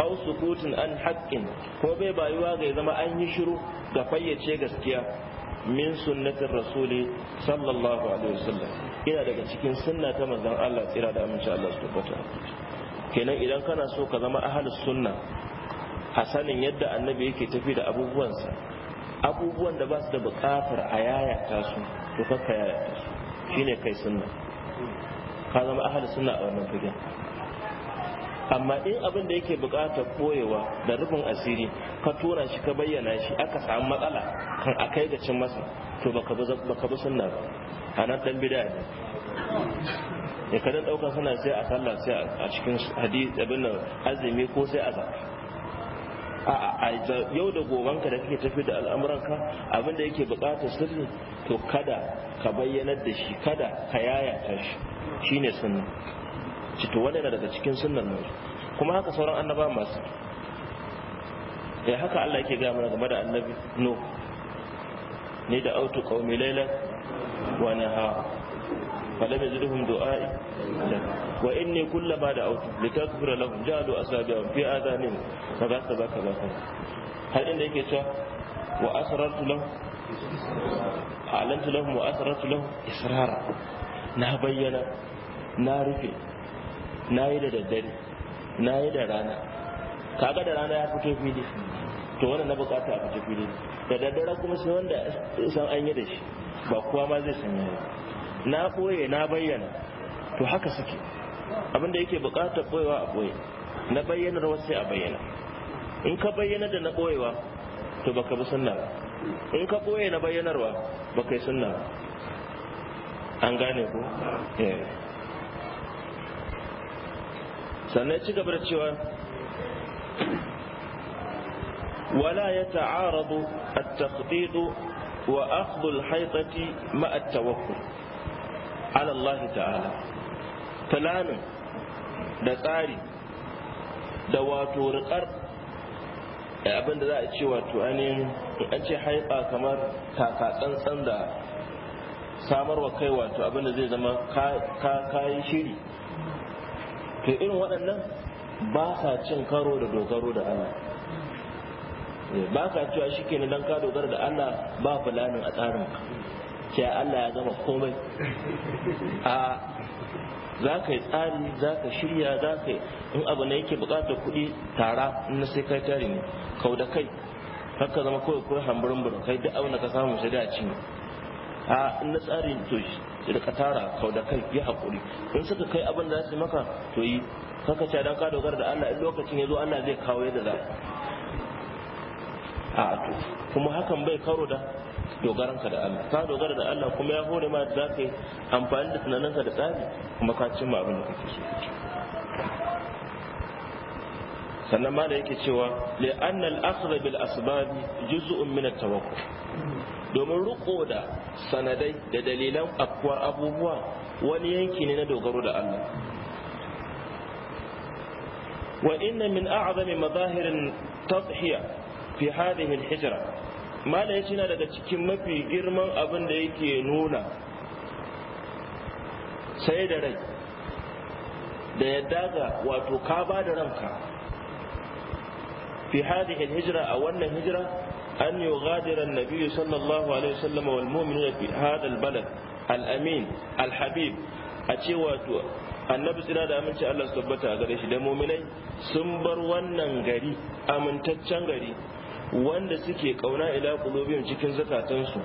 aw sukutun an haqqin ko bai bayuwa ga zama an yi shiru ga fayyace gaskiya min sunnatin rasuli sallallahu alaihi wasallam ina daga cikin sunna ta manzon Allah tsira da aminci Allah su tabbata kenan idan kana so ka zama ahlus sunna a sanin yadda annabi yake tafi da abubuwansa abubuwan da ba su da bukatar a yayata su to kakka yayata su shine kai sunna ka zama ahlus sunna a wannan fagen amma in abin da yake bukatar koyewa da rufin asiri ka tura shi ka bayyana shi aka samu matsala kan akai ga cin masa to baka bi sunna ba a nan dan bid'a ne ya kadan dauka suna sai a sallah sai a cikin hadisi abin nan azumi ko sai a zakka a yau da gobanka da kake tafi da al'amuranka abin da yake bukatar sirri to kada ka bayyanar da shi kada ka ta shi shine sunna ci to wani daga cikin sunan nan kuma haka sauran annaba masu ya eh, haka Allah yake gaya mana game da annabi no ni da autu qaumi laylan wa nahara falam yaziduhum du'ai wa inni kullama da autu litakfura lahum jalu asabi'ahum fi adhanihim kaza kaza kaza har inda yake cewa wa asrartu lahum a'lantu lahum wa asrartu lahum israra na bayyana na rufe na yi da daddare na yi da rana kaga da rana ya fito fili to wannan na bukata a fito fili da daddare kuma sai wanda san an yi da shi ba kowa ma zai san yayi na boye na bayyana to haka suke abinda yake bukatar boyewa a boye na bayyanarwa sai a bayyana in ka bayyana da na boyewa to baka bi sunna ba in ka boye na bayyanarwa baka yi sunna ba an gane ko eh sannan ci gaba da cewa wala ya ta'aradu a takhdidu wa akhdhu al-haytati ma at-tawakkul ala Allah ta'ala talamin da tsari da wato riƙar eh, abin da za a ce wato ainihin an ce haifa kamar taka tsantsan da samarwa kai wato abin da zai zama kayi shiri to irin waɗannan ba sa cin karo da dogaro da Allah eh, ba sa cewa shi ke nan ka dogara da Allah ba fulanin a tsarin Ke Allah ya gama komai a za ka yi tsari za ka shirya za ka yi in abu na yake bukatar kuɗi tara na sai kai tare ne kau da kai haka zama kawai kawai hamburin buru kai duk abin da ka samu sai da a na tsarin to su rika tara kau da kai yi haƙuri in suka kai abin da su maka to yi kaka ce dan ka dogara da Allah in lokacin ya zo Allah zai kawo yadda za a to kuma hakan bai karo da dogaranka da Allah ka dogara da Allah kuma ya hore ma za ka yi amfani da tunaninka da tsari kuma ka cimma abin da kake so sannan ma da yake cewa li'anna al-akhdh bil asbab juz'un min at-tawakkul domin riko da sanadai da dalilan afkuwar abubuwa wani yanki ne na dogaro da Allah wa inna min a'zami mazahirin tadhiya fi hadhihi al-hijra mala yace na daga cikin mafi girman abin da yake nuna sai da rai da yadda ga wato ka ba da ranka fi hadhihi al-hijra a wannan hijira أن يغادر النبي صلى الله عليه وسلم والمؤمنون في هذا البلد الأمين الحبيب أتيوا annabi tsira da aminci Allah su tabbata a gare shi da muminai sun bar wannan gari amintaccen gari wanda suke kauna ila qulubihim cikin zakatansu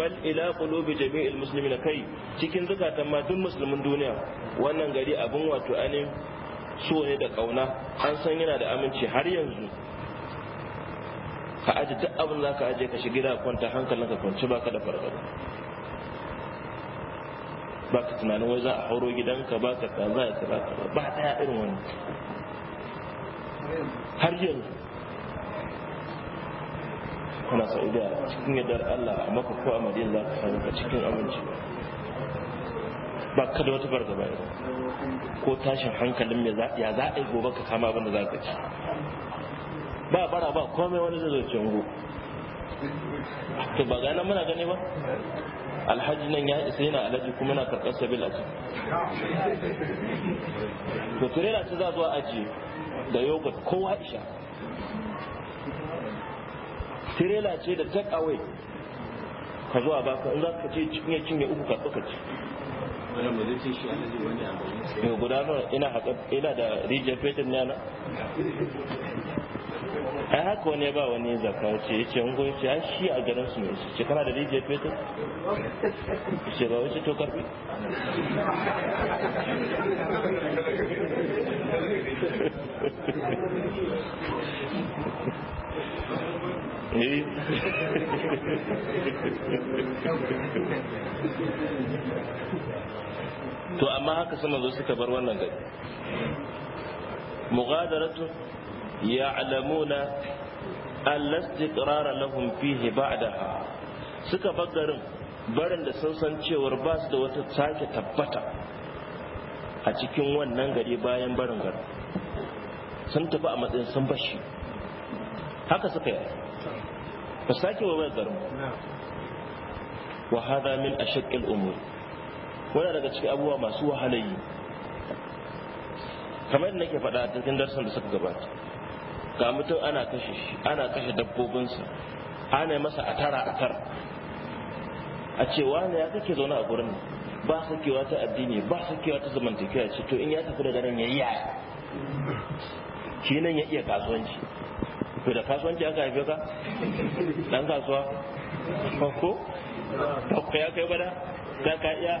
bal ila qulubi jami'il muslimina kai cikin zakatan ma duk musulmin duniya wannan gari abin wato anin so ne da kauna an san yana da aminci har yanzu ka aje duk abin da ka aje ka shiga gida kwanta hankalin ka kwanci ka da fargaba ka tunanin wai za a hauro gidanka ba ka za a ba ka ba ta irin wani har yanzu kana saudiya cikin yadda Allah a maka ko a madina za ka sami ka cikin aminci ba ka da wata fargaba ko tashin hankalin ya za a yi gobe ka kama abin da za ka ci ba bara ba komai wani zai zo cingu to ba ganin muna gani ba alhaji nan ya isa yana alhaji kuma na karkar sabil a to turera ce za zuwa aji da yogurt kowa isha tirela ce da take away ka zuwa ba ka za ka ce cinye cinye uku ka tsoka ci yau eh, gudanar ina da rijiyar fetin yana ai haka wani ba wani zakka ce ya ce ungo ya shi a garin su ne ce kana da rijiyar fetur ce ba wace to karfi eh. to amma haka sama zo suka bar wannan gari mugadaratu ya'lamuna al istiqrar lahum fihi ba'daha suka bagarin barin da sun san cewar ba su da wata sake tabbata a cikin wannan gari bayan barin garin sun tafi a matsayin sun bashi haka suka yi ba sake wa wayar garin wa hada min ashaqqil umur wani daga cikin abubuwa masu wahalayi kamar yadda nake faɗa a cikin darsan da suka gabata ga mutum ana kashe shi ana kashe dabbobinsa ana masa a tara a tara a ce wane ya kake zaune a gurin ba sakewa ta addini ba sakewa ta zamantakewa ce to in ya tafi da daren yayi yaya shi nan ya iya kasuwanci to da kasuwanci aka haife ka dan kasuwa ko ko ya kai bada ka ka iya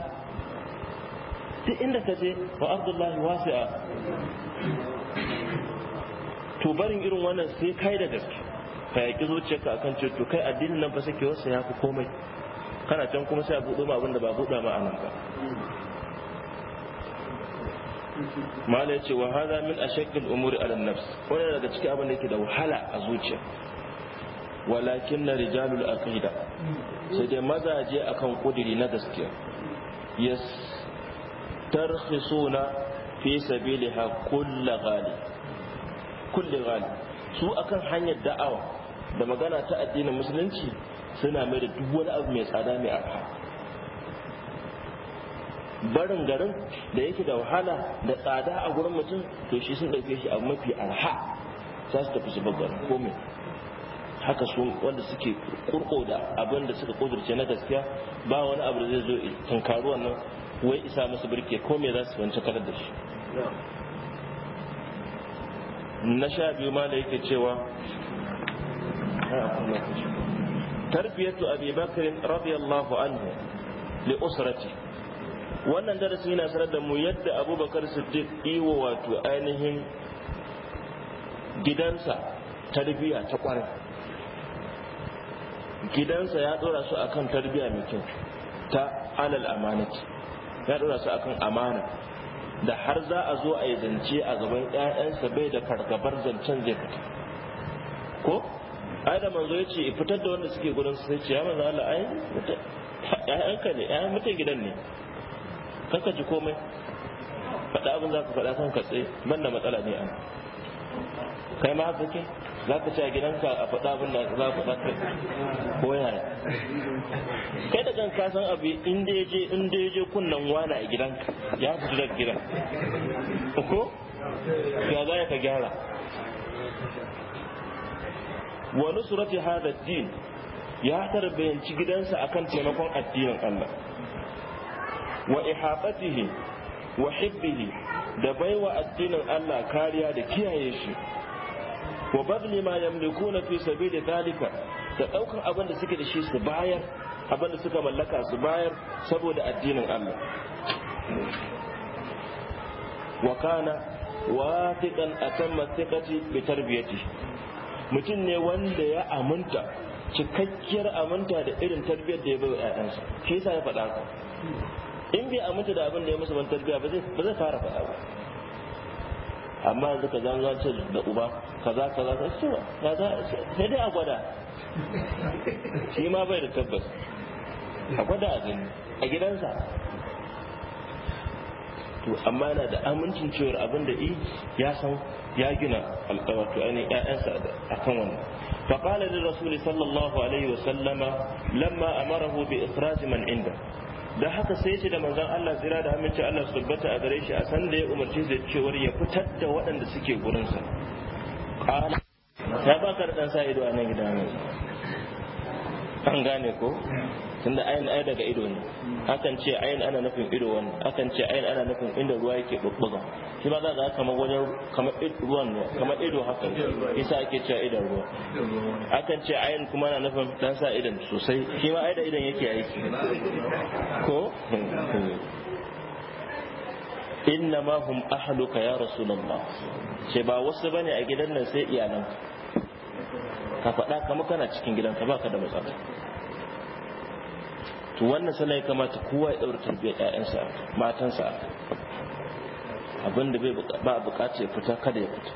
duk inda ka je wa abdullahi wasi'a to barin irin wannan sai kai da gaske ka yaki zuciyarka akan ce to kai addinin nan fa sake wasa ya fi komai kana can kuma sai a buɗo ma abin da ba buɗa ma anan ba mala ya ce wa hada min ashaqqil umuri ala nafs wani daga cikin abin da yake da wahala a zuciya walakin na rijalul aqida sai dai mazaje akan kudiri na gaskiya yas tarhisuna fi sabilha kullu ghalib kullin rani su akan hanyar da'awa da magana ta addinin musulunci suna mai da duk wani abu mai tsada mai arha barin garin da yake da wahala da tsada a gurin mutum to shi sun ɗauke shi abu mafi arha za su tafi su babbar komai haka su wanda suke kurko da abin da suka kudurce na gaskiya ba wani abu da zai zo tunkaruwa nan wai isa masu birke komai za su wancan karar da shi na sha biyu ma da yake cewa tarbiyatu abi bakr radiyallahu anhu li usrati wannan darasi yana sanar da mu yadda abubakar siddiq iwo wato ainihin gidansa tarbiya ta kwarai gidansa ya dora su akan tarbiya mai kyau ta alal amanati ya dora su akan amana da har za a zo a yi zance a gaban ƴaƴansa bai da fargabar zancen zai fita ko ai da manzo ya ce fitar da wanda suke gurin su sai ce ya manzo Allah ai ƴaƴanka ne ƴaƴan mutan gidan ne kanka ji komai faɗa abin za ka faɗa kan tsaye, man da matsala ne a, kai ma haka ke za ka ci a gidanka a faɗa abin da za ka faɗa ko yaya kai da kanka san abu inda ya je inda ya je kunnan wala a gidanka ya fito daga gidan ko ya za ka gyara Wani surati hada din ya tarbiyanci gidansa akan taimakon addinin Allah wa ihafatihi wa hibbihi da baiwa addinin Allah kariya da kiyaye shi wa badli ma yamlikuna fi sabili dalika da daukar abin da suke da shi su bayar abin da suka mallaka su bayar saboda addinin Allah wa kana wafiqan atamma thiqati bi tarbiyati mutum ne wanda ya aminta cikakkiyar aminta da irin tarbiyyar da ya bai wa su shi yasa ya faɗa ko in bai aminta da abin da ya musu ban tarbiyya ba zai fara faɗa ba amma yanzu ka zan ce da uba kaza kaza ka ce sai dai a gwada shi ma bai da tabbas a gwada a gani a gidansa to amma yana da amincin cewar abin da ya san ya gina alƙawarto ainihin ƴaƴansa a kan wannan faƙala da rasuli sallallahu alaihi wasallama lamma amarahu bi ikhraji man inda da haka sai ce da manzon Allah tsira da aminci Allah su tabbata a gare shi a san da ya umarci da cewar ya fitar da waɗanda suke gurinsa sa ya baka da ɗan sa ido a nan gida an gane ko tunda ayin ai daga ido ne akan ce ayin ana nufin ido wannan akan ce ayin ana nufin inda ruwa yake bubbuga shi ba za ga kamar wajen kamar ruwan ne kamar ido haka isa ake cewa idan ruwa akan ce ayin kuma ana nufin dan sa idan sosai shi ma ai da idan yake aiki ko inna ma hum ahluka ya rasulullah ce ba wasu bane a gidan nan sai iyalan ka faɗa kamar kana cikin gidanka baka da matsala to wannan sallah ya kamata kowa ya ɗaura tarbiyyar ƴaƴansa matansa abinda bai ba buƙatar ya fita kada ya fita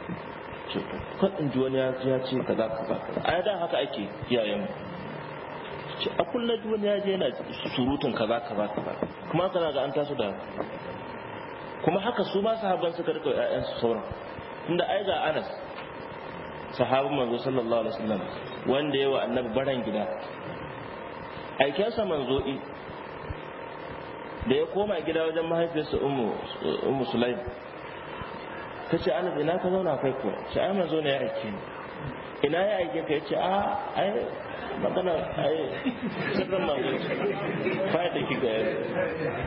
ce kan in ji wani ya ce kaza kaza a da haka ake iyayen ce a kullum ji wani ya je yana surutun kaza ka kaza kuma kana ga an taso da kuma haka su ma sahabban suka rika ƴaƴansu sauran tunda ai ga Anas sahabin manzo sallallahu alaihi wasallam wanda yawa annabi baran gida aikensa manzo'i da ya koma gida wajen mahaifiyarsa Umu sulaim ta ce anas ina ka zauna kai ko ce ai manzo ne ya aike ni ina ya aike ka yace a ai magana ai sirrin manzo fa da ki ga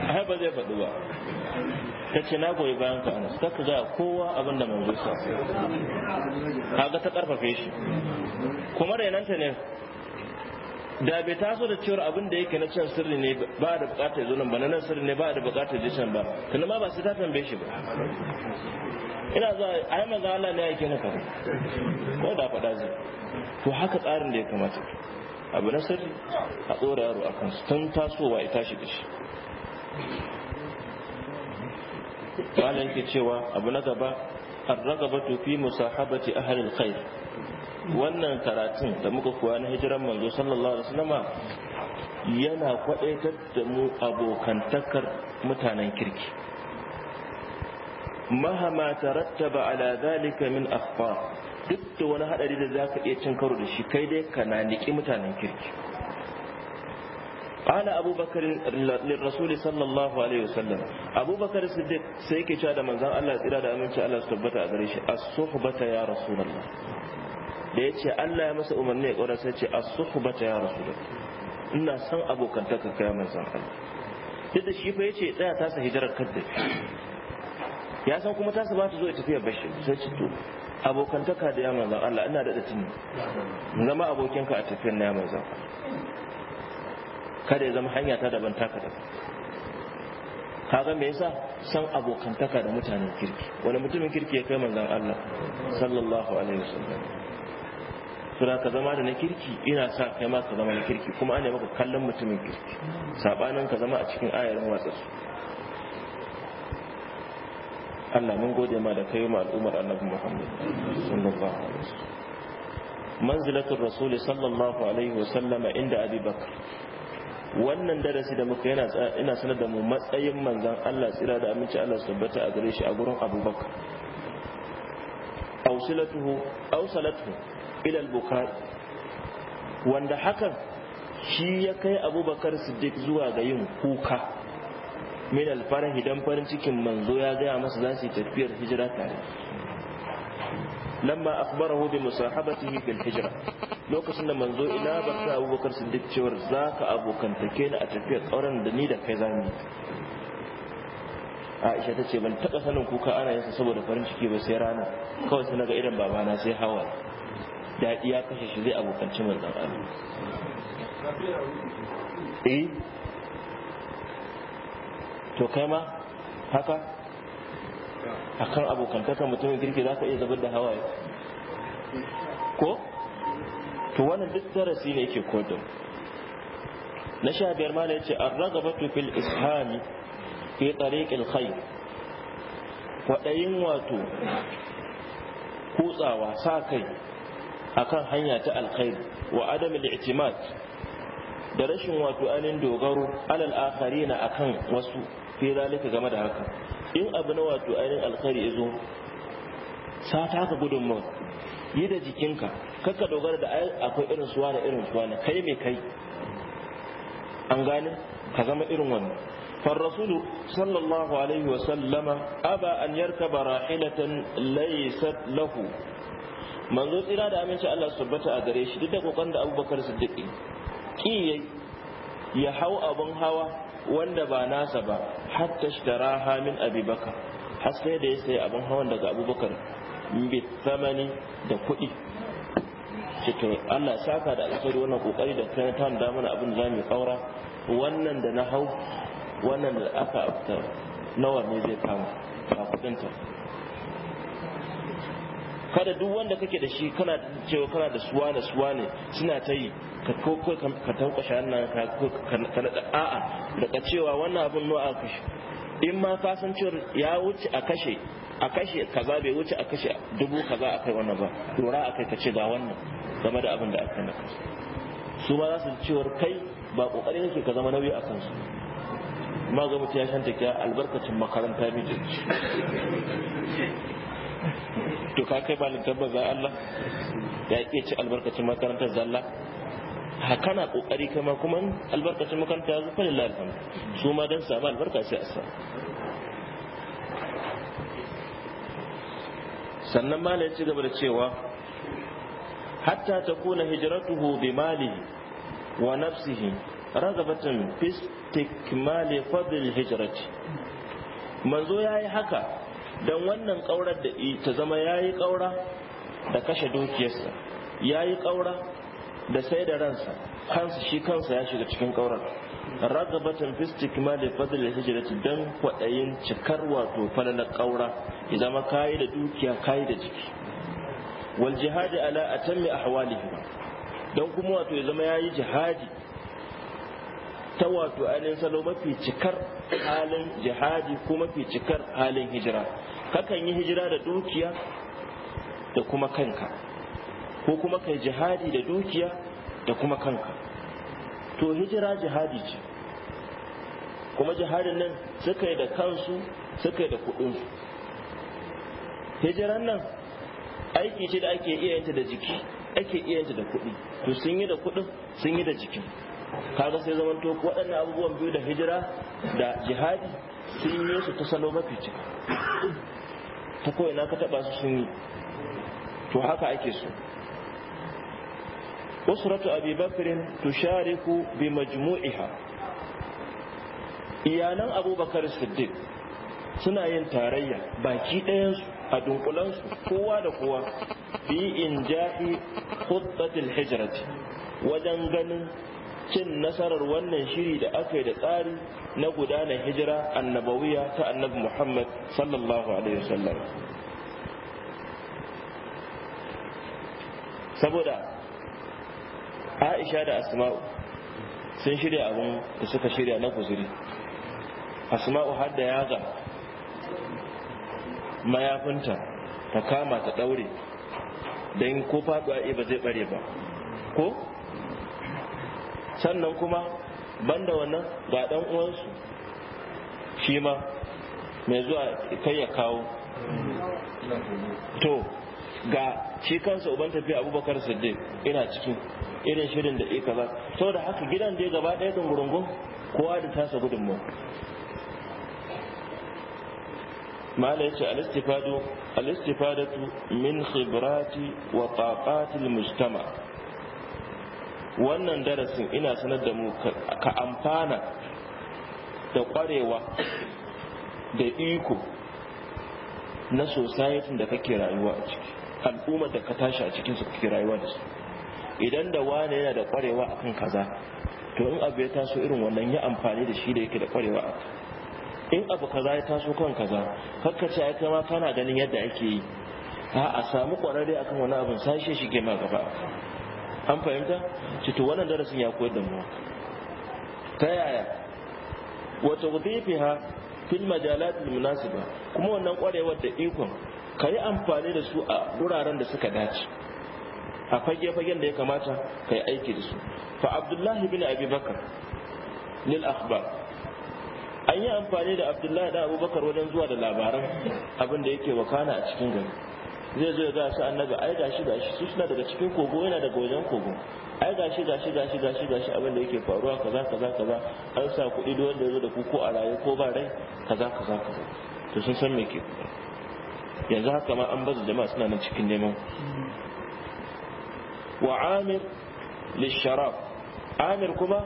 ai ba zai faɗi ba ta ce na goyi bayan ka anas ka ga kowa abin da manzo sa kaga ta karfafe shi kuma rainanta ne da bai taso da cewar abin da yake na can sirri ne ba da bukatar zo nan ba na nan sirri ne ba da bukatar je can ba tunda ma ba su ta tambaye shi ba ina zuwa ai manzo Allah ne yake na faɗa ko da fada zai to haka tsarin da ya kamata abu na sirri a tsora yaro a su tun tasowa ya tashi da shi malam yake cewa abu na gaba fi musahabati ahli al-khair wannan karatun da muka kuwa na hijiran manzo sallallahu alaihi wasallama yana kwadaitar da mu abokantakar mutanen kirki mahama tarattaba ala zalika min akhbar duk da wani hadari da zaka iya cin karo da shi kai dai ka na niki mutanen kirki قال أبو بكر للرسول صلى الله عليه وسلم أبو بكر الصديق سيكي شاد من زان الله إرادة أمين شاء الله سبت أدريش الصحبة يا رسول الله da ya ce Allah ya masa umarni ya ƙaura sai ce as-suhbata ya da ina san abokantaka kai manzon Allah duk da shi fa ce tsaya ta sa hijirar kadda ya san kuma ta ba ta zo ita tafiya bashi sai ce to abokantaka da ya manzon Allah ina da tuni zama abokinka a tafiyar na ya manzon kada ya zama hanya ta daban taka daban kaga me yasa san abokantaka da mutanen kirki wani mutumin kirki ya kai manzon Allah sallallahu alaihi wasallam sura ka zama da na kirki ina sa kai ma ka zama na kirki kuma ana maka kallon mutumin kirki sabanin ka zama a cikin ayar watsa su Allah mun gode ma da kai ma al'ummar Allah Muhammad sallallahu alaihi wasallam manzilatul rasul sallallahu alaihi wasallam inda Abi Bakr wannan darasi da muka yana ina sanar da mu matsayin manzon Allah tsira da aminci Allah tabbata a gare shi a gurin Abu Bakr awsilatuhu awsalatuhu ila al wanda hakan shi ya kai abubakar siddiq zuwa ga yin kuka min alfarahi dan farin cikin manzo ya gaya masa za su tafiyar hijira tare lamma akhbarahu bi musahabatihi fil hijra lokacin da manzo ila bakka abubakar siddiq cewar zaka abokantake ni a tafiyar tsauran da ni da kai zamu Aisha ta ce ban taɓa sanin kuka ana yasa saboda farin ciki ba sai rana kawai sai naga irin babana sai hawa daɗi ya kashe shi zai abokanci manzan Allah eh to kai ma haka A kan abokantaka mutumin kirki za ka iya zabar da hawaye ko to wannan duk darasi ne yake kodin na sha biyar ma ya ce an raga fil ishami fi tsariƙin khayr kwaɗayin wato kutsawa sa kai akan hanya ta alkhairi wa adam al da rashin wato anin dogaro alal na akan wasu fi zalika game da haka in abu na wato ainin alkhairi izo sa ta ka gudun gudunmawa yi da jikinka kakka dogara da akwai irin suwa da irin suwa kai mai kai an gane ka zama irin wannan فالرسول صلى الله عليه وسلم أبى أن يركب راحلة ليست له manzo tsira da aminci Allah su tabbata a gare shi duk da kokon da abubakar siddiqi ki ya hau abun hawa wanda ba nasa ba hatta shtaraha min abubakar har sai da ya sayi abun hawan daga abubakar bi tsamani da kuɗi cikin Allah saka da alkhairi wannan kokari da kai ta da mana abin da zamu kaura wannan da na hau wannan da aka afta nawa ne zai kama ba kudin ta kada duk wanda kake da shi kana cewa kana da suwa na suwa ne suna ta yi ka koko ka tankwashe hannun ka naɗa a'a daga cewa wannan abin nawa a kashe in ma ka san cewa ya wuce a kashe a kashe kaza bai wuce a kashe dubu kaza akai wannan ba lura akai ka ce ga wannan game da abin da aka naka su ma za su cewar kai ba kokarin yake ka zama nauyi a kansu ma ga mutum ya shanta kiya albarkacin makaranta mijin to ka kai ba littafin za Allah ya ke ci albarkacin makarantar zalla haka na kokari kama kuma albarkacin makaranta ya zufa lillahi alhamdu su ma don samu albarka sai a sa sannan ma ya ci gaba da cewa hatta ta kuna hijiratuhu bi mali wa nafsihi ragabatan fi istikmali fadl hijrati manzo yayi haka don wannan ƙaurar da ta zama ya yi ƙaura da kashe dukiyarsa ya yi ƙaura da sai da ransa kansa shi kansa ya shiga cikin ƙaurar ragabatan fistik ma da fadil da hijirati don kwaɗayin cikar wato falalar ƙaura ya zama kayi da dukiya kayi da jiki wal jihadi ala a tammi a hawalihi don kuma wato ya zama ya yi jihadi ta wato ainihin salo mafi cikar halin jihadi ko mafi cikar halin hijira kakan yi hijira da dukiya da kuma kanka ko kuma kai jihadi da dukiya da kuma kanka to hijira jihadi ce kuma jihadin nan suka yi da kansu suka yi da kudinsu hijiran nan aiki ce da ake iya yanta da jiki ake iya yanta da kudi to sun yi da kudin sun yi da jikin kaga sai zaman to waɗannan abubuwan biyu da hijira da jihadi sun yi su ta salo mafi cika ta kawai na ka taɓa su sun yi to haka ake so usratu abi share ku bi majmu'iha iyalan abubakar siddiq suna yin tarayya baki ɗayansu a dunkulansu kowa da kowa bi in ja'i khutbatil hijrati wajen ganin cin nasarar wannan shiri da aka yi da tsari na gudanar hijira annabawiya ta annabi Muhammad sallallahu alaihi wasallam saboda Aisha da Asma'u sun shirya abin da suka shirya na kuzuri Asma'u har da yaga mayafinta ta kama ta daure don ko iya ba zai bare ba ko sannan kuma banda wannan ga dan uwansu shi ma mai zuwa kai ya kawo to ga shi kansa uban tafiya abubakar sadde ina cikin irin shirin da ika ba saboda haka gidan dai gaba ɗaya gungurungun kowa da tasa gudunmu mala yace al alistifadatu min khibrati wa taqatil mujtama' wannan darasin ina sanar da mu ka amfana da kwarewa da iko na society da kake rayuwa a ciki al'ummar da ka tashi a cikin su kake rayuwa da su idan da wane yana da kwarewa kan kaza to in abu ya taso irin wannan ya amfani da shi da yake da kwarewa a kan. in abu kaza ya taso kan kaza kakkace ya kama kana ganin yadda ake yi a samu kwararre akan wani abin sashe shi ke ma gaba an fahimta cito wannan darasin ya koyar da mu ta yaya wa tawdifiha fil majalat al munasiba kuma wannan kwarewar da ikon ka yi amfani da su a wuraren da suka dace a fage-fagen da ya kamata ka yi aiki da su fa abdullahi bin abi bakar lil akhbar an yi amfani da abdullahi da abubakar wajen zuwa da labaran abin da yake wakana a cikin gari zai zo ya ga su annabi ai gashi gashi su suna daga cikin kogo yana daga wajen kogo ai gashi gashi gashi gashi gashi abin da yake faruwa kaza kaza kaza an sa kuɗi da wanda ya zo da ku ko a raye ko ba rai kaza kaza kaza to sun san me ke yanzu haka ma an bazu jama'a suna nan cikin neman wa amir sharab amir kuma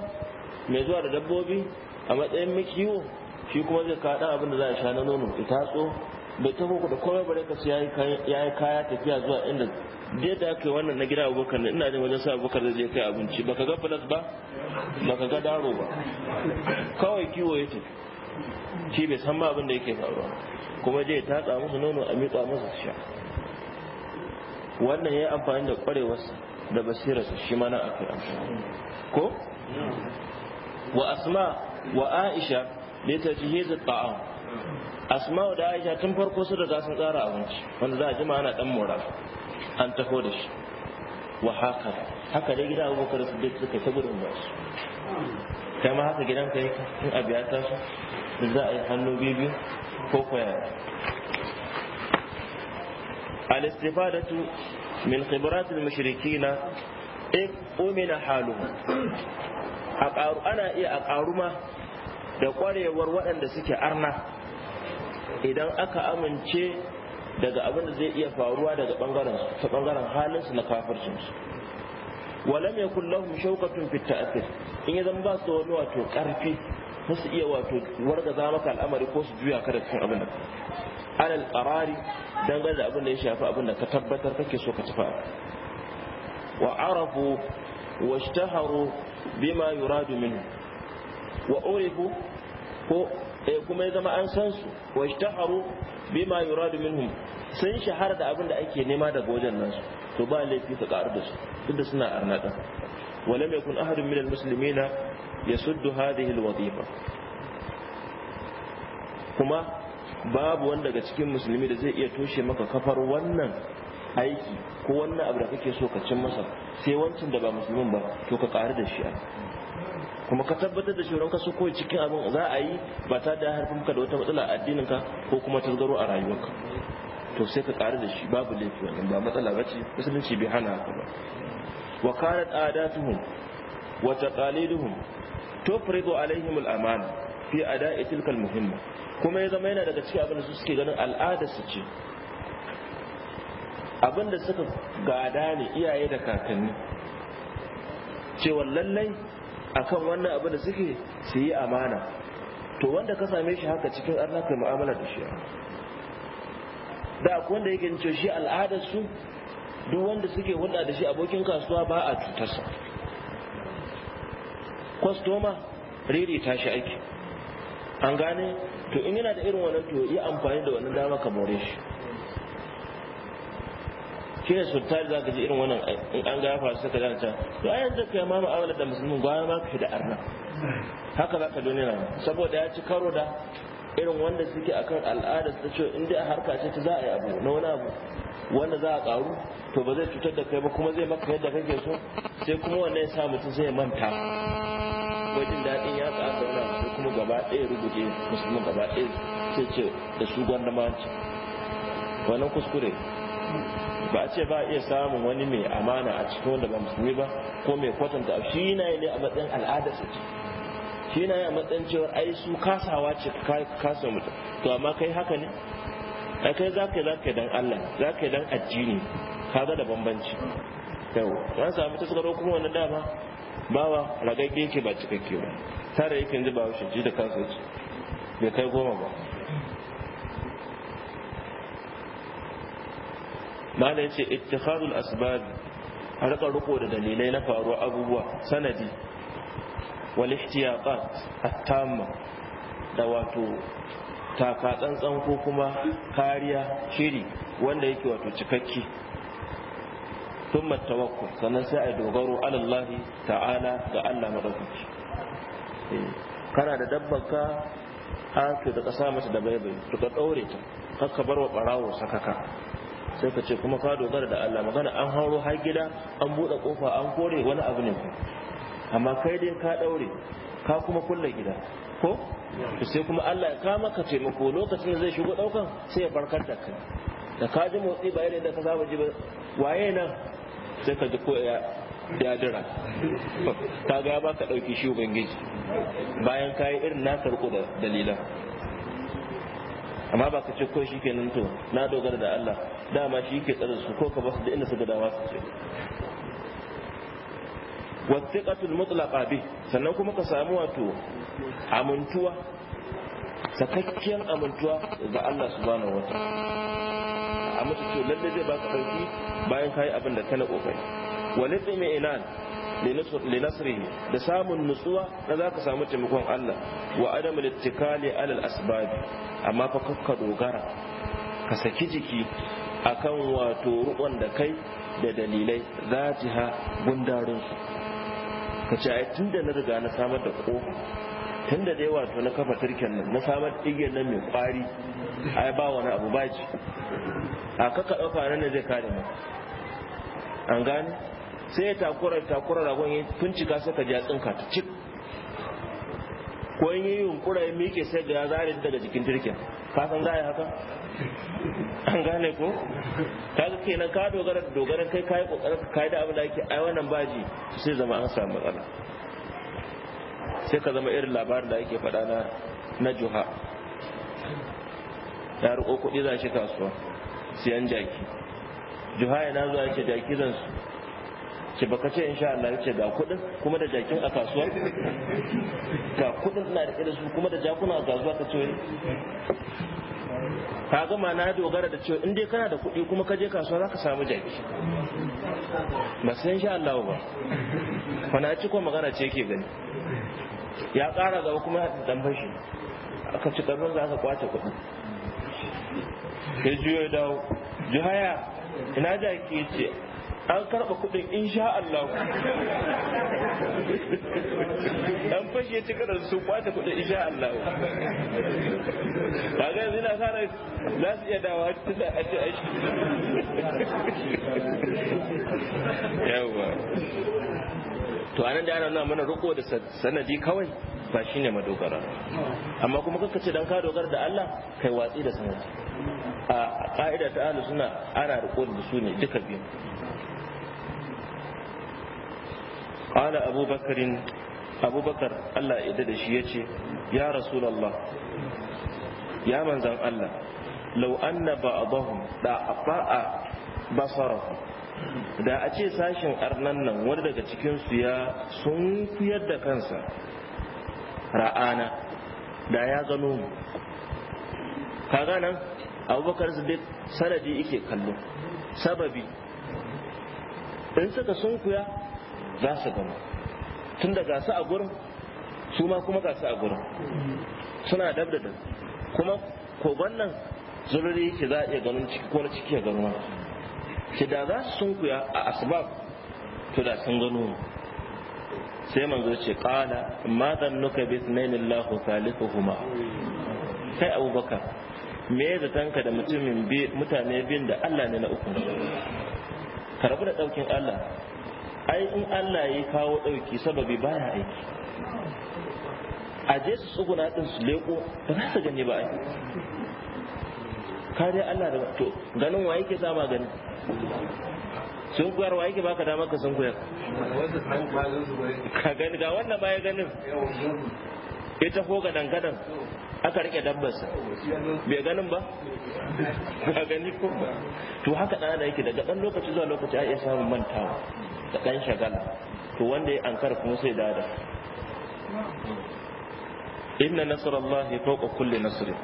mai zuwa da dabbobi a matsayin mikiwo shi kuma zai kaɗa abin da za a sha na nono ita tso bai taho ku da kowai bare ka ya yi kaya tafiya zuwa inda dai da aka wannan na gida abubakar ne ina jin wajen sa abubakar zai kai abinci baka ga filas ba baka ga daro ba kawai kiwo ya tafi shi bai san ma abin da yake faruwa kuma dai ta tsamu musu nono a miƙa musu su sha wannan ya yi amfani da ƙwarewarsa da su shi mana a amfani ko wa asma wa aisha da ta ji hezi ta'am asma'u da aisha tun farko su riga sun tsara abinci wanda za a jima ana dan mora an taho da shi wa haka haka dai gidan abubakar su duk suka ta gudun masu kai ma haka gidan kai in abu ya taso da za a yi hannu biyu ko kwaya al-istifadatu min khibratil mushrikina in umina haluhu a ana iya a ƙaruma da ƙwarewar waɗanda suke arna idan aka amince daga abin da zai iya faruwa daga bangaren ta bangaren halin su na kafircin su walam yakul lahum shawqatun fit ta'thir in ya zama ba su wani wato karfi ba su iya wato za maka al'amari ko su juya ka da cikin abin da alal qarari dangane da abin da ya shafi abin da ka tabbatar kake so ka tafa wa arafu wa washtaharu bima yuradu minhu wa urifu ko eh kuma ya zama an san su wa ishtaharu bima yuradu minhum sun shahara da abin da ake nema daga wajen nan su to ba laifi ka karu da su duk da suna arnada wa lam yakun ahadun minal muslimina yasuddu hadhihi alwazifa kuma babu wanda daga cikin musulmi da zai iya toshe maka kafar wannan aiki ko wannan abu da kake so ka cin masa sai wancan da ba musulmin ba to ka karu da shi a kuma ka tabbatar da shuran ka su koyi cikin abin za a yi ba ta da harfin ka da wata matsala a addinin ka ko kuma tasgaro a rayuwarka to sai ka ƙara da shi babu laifi wannan ba matsala bace musulunci bai hana haka ba wa kanat adatuhum wa taqaliduhum tufridu alaihim al-amana fi ada'i tilka al-muhimma kuma ya zama yana daga cikin abin da su suke ganin al'ada su ce abin da suka gada ne iyaye da kakanni cewa lallai akan wannan abin da suke su yi amana to wanda ka same shi haka cikin arnaka mu'amala da shi da akwai wanda yake cewa shi al'adar su duk wanda suke hulɗa da shi abokin kasuwa ba a cutarsa kwastoma ta shi aiki an gane to in yana da irin wannan to yi amfani da wannan dama ka more shi shi ne sultari za ka ji irin wannan in an gafa su suka zanta to a yanzu kai ma ma'amalar da musulmin gwara ma ka da arna haka za ka duniya saboda ya ci karo da irin wanda suke akan al'ada ta ce in dai harka ce ta za a yi abu na wani abu wanda za a karu to ba zai cutar da kai ba kuma zai maka yadda kake so sai kuma wannan ya sa mutum zai manta wajen daɗin ya ka aka wani sai kuma gaba ɗaya rubuce musulmi gaba ɗaya sai ce da su gwanda wannan kuskure ba a ce ba iya samun wani mai amana a cikin wanda ba musulmi ba ko mai kwatanta shi na ne a matsayin al'adar sa shi na a matsayin cewa ai su kasawa ce kasa mutum to amma kai haka ne a kai za ka yi dan Allah za ka yi dan addini kaga da bambanci yau an samu tsaro kuma wani dama bawa ragagge ke ba cikakke ba tare yake ji ba shi da kasuwanci bai kai goma ba malam ce ittikhadul asbab a ruko da dalilai na faruwa abubuwa sanadi wal ihtiyaqat at da wato taka tsantsan ko kuma kariya shiri wanda yake wato cikakke thumma tawakkul sannan sai a dogaro ala Allah ta'ala ga Allah madaukaki eh, kana da dabbarka haka da kasa mata da baibai to ka daure ta kakka bar wa barawo sakaka sai ka ce kuma ka dogara da Allah magana an hauro har gida an buɗe kofa an kore wani abu ne amma kai dai ka ɗaure ka kuma kulle gida ko sai kuma Allah ya kama ka taimako lokacin da zai shigo ɗaukan sai ya barkar da kai da ka ji motsi ba yadda ka zaba ji ba waye nan sai ka ji ko ya ya dira ta ga ba ka ɗauki shi ubangiji bayan ka yi irin na karko da dalilan amma ba ka ce ko shi kenan to na dogara da Allah dama shi ke tsare su ko ka su da inda suka dawa su ce wattiqatul mutlaqa bi sannan kuma ka samu wato amintuwa sakakkiyar amintuwa ga Allah subhanahu wataala a su ce lalle zai baka dauki bayan kai abin da kana kokari walidmi inan linasrihi da samun nutsuwa na za ka samu taimakon Allah wa adam littikali alal asbabi amma fa kakka dogara ka saki jiki akan wato rukon da kai da dalilai za ci ha gundarinsu ka ce ai tunda na riga na samar da ko tunda dai wato na kafa turken nan na samar da igiyar nan mai kwari ai ba wani abu ba ci a kaka dauka nan da zai kare mu an gane sai ya takura takura ragon ya fincika sai ka ji ya ka ta cik ko yin yi yunkura ya sai ga ya zare daga jikin turken ka san za a yi haka an gane ko kaga kenan ka dogara da dogaran kai kai kokarin ka kai da abin da yake ai wannan baji sai zama an samu matsala sai ka zama irin labarin da yake faɗa na na juha ya riko kuɗi za shi kasuwa siyan jaki juha yana zuwa yake jaki zan su ki baka ce insha Allah yace ga kuɗin kuma da jakin a kasuwa ga kuɗin na da irin su kuma da jakuna a kasuwa ka ce ka gama na dogara da cewa in dai kana da kuɗi kuma ka je kasuwa za ka samu jaki ba sai insha Allah ba wani ci ko magana ce ke gani ya ƙara gaba kuma da dambar aka ci karfin za ka kwace kuɗi ya juyo dawo juhaya ina jaki ce an karɓa kuɗin insha Allah an fashe ci karar su kwata kuɗin insha Allah ba ga yanzu na fara za su iya dawa ta da a aiki yawa to anan da ana nuna mana riko da sanadi kawai ba shine madogara amma kuma kanka ce dan ka dogara da Allah kai watsi da sanadi a ka'ida ta ahlus sunna ana riko da su ne duka biyu qala abubakar bakar Allah ya yarda da shi yace ya rasulullah ya manzan Allah law anna ba'dahum da'a basarahu da a ce sashin arnan nan wani daga cikinsu ya sun kuyar da kansa ra'ana da ya gano mu kaga nan abubakar su duk sanadi ike kallo sababi in suka sun kuya za su gano tun da gasu a gurin su ma kuma gasu a gurin suna dab da dab kuma kogon nan zururi yake za a iya ganin ciki ko na ciki ya gano ce da za su sunkuya a asbab to da sun gano mu sai manzo ce qala ma nuka bi ithnain Allahu thalithuhuma kai Abubakar me ya zatanka da mutumin mutane biyun da Allah ne na uku karabu da daukin Allah ai in Allah ya kawo dauki sababi baya aiki a je su tsuguna din su leko ba za su gani ba ai kare Allah da to ganin wa yake sama gani? sun kuyar wa yake baka damar ka sun kuyar ka gani ga wannan baya ganin ita ko ga gadan aka rike dabbas. bai ganin ba ka gani ko ba. to haka ɗana da yake daga ɗan lokaci zuwa lokaci ai samun mantawa da ɗan shagala to wanda ya ankara kuma sai dada inna nasarallahi fawqa kulli nasr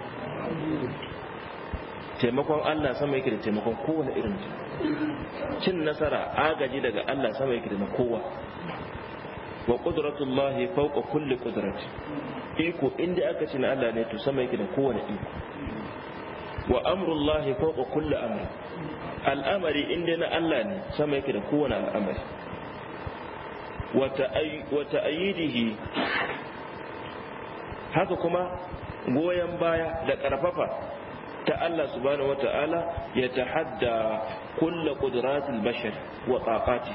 taimakon Allah sama yake da taimakon kowane irin taimako cin nasara agaji daga Allah sama yake da kowa wa qudratullahi fawqa kulli qudrati iko inda aka ci na Allah ne to sama yake da kowane iko wa amrullahi fawqa kulli amri al'amari inda na Allah ne sama yake da kowane al'amari wa ta'ayyidihi haka kuma goyon baya da karfafa ta Allah subhanahu wata'ala ya tahadda kulla qudratil bashar wa taqati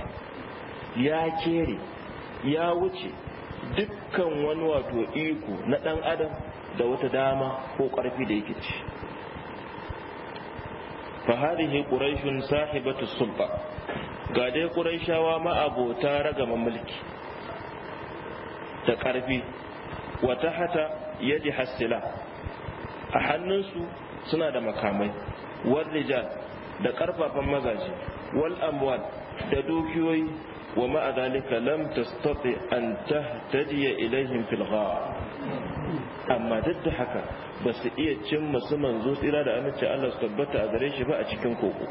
ya kere ya wuce dukkan wani wato iko na ɗan adam da wata dama ko karfi da yake ci fa hadhihi quraishun sahibatu sulta ga dai quraishawa ma abota raga mulki da karfi wa ya yadi hasila a hannunsu suna da makamai wal rijal da karfafan mazaje wal amwal da dukiyoyi wa ma dalika lam tastati an tahtadi ilaihim fil amma duk da haka ba su iya cin masu manzo tsira da amince Allah su tabbata a gare shi ba a cikin koko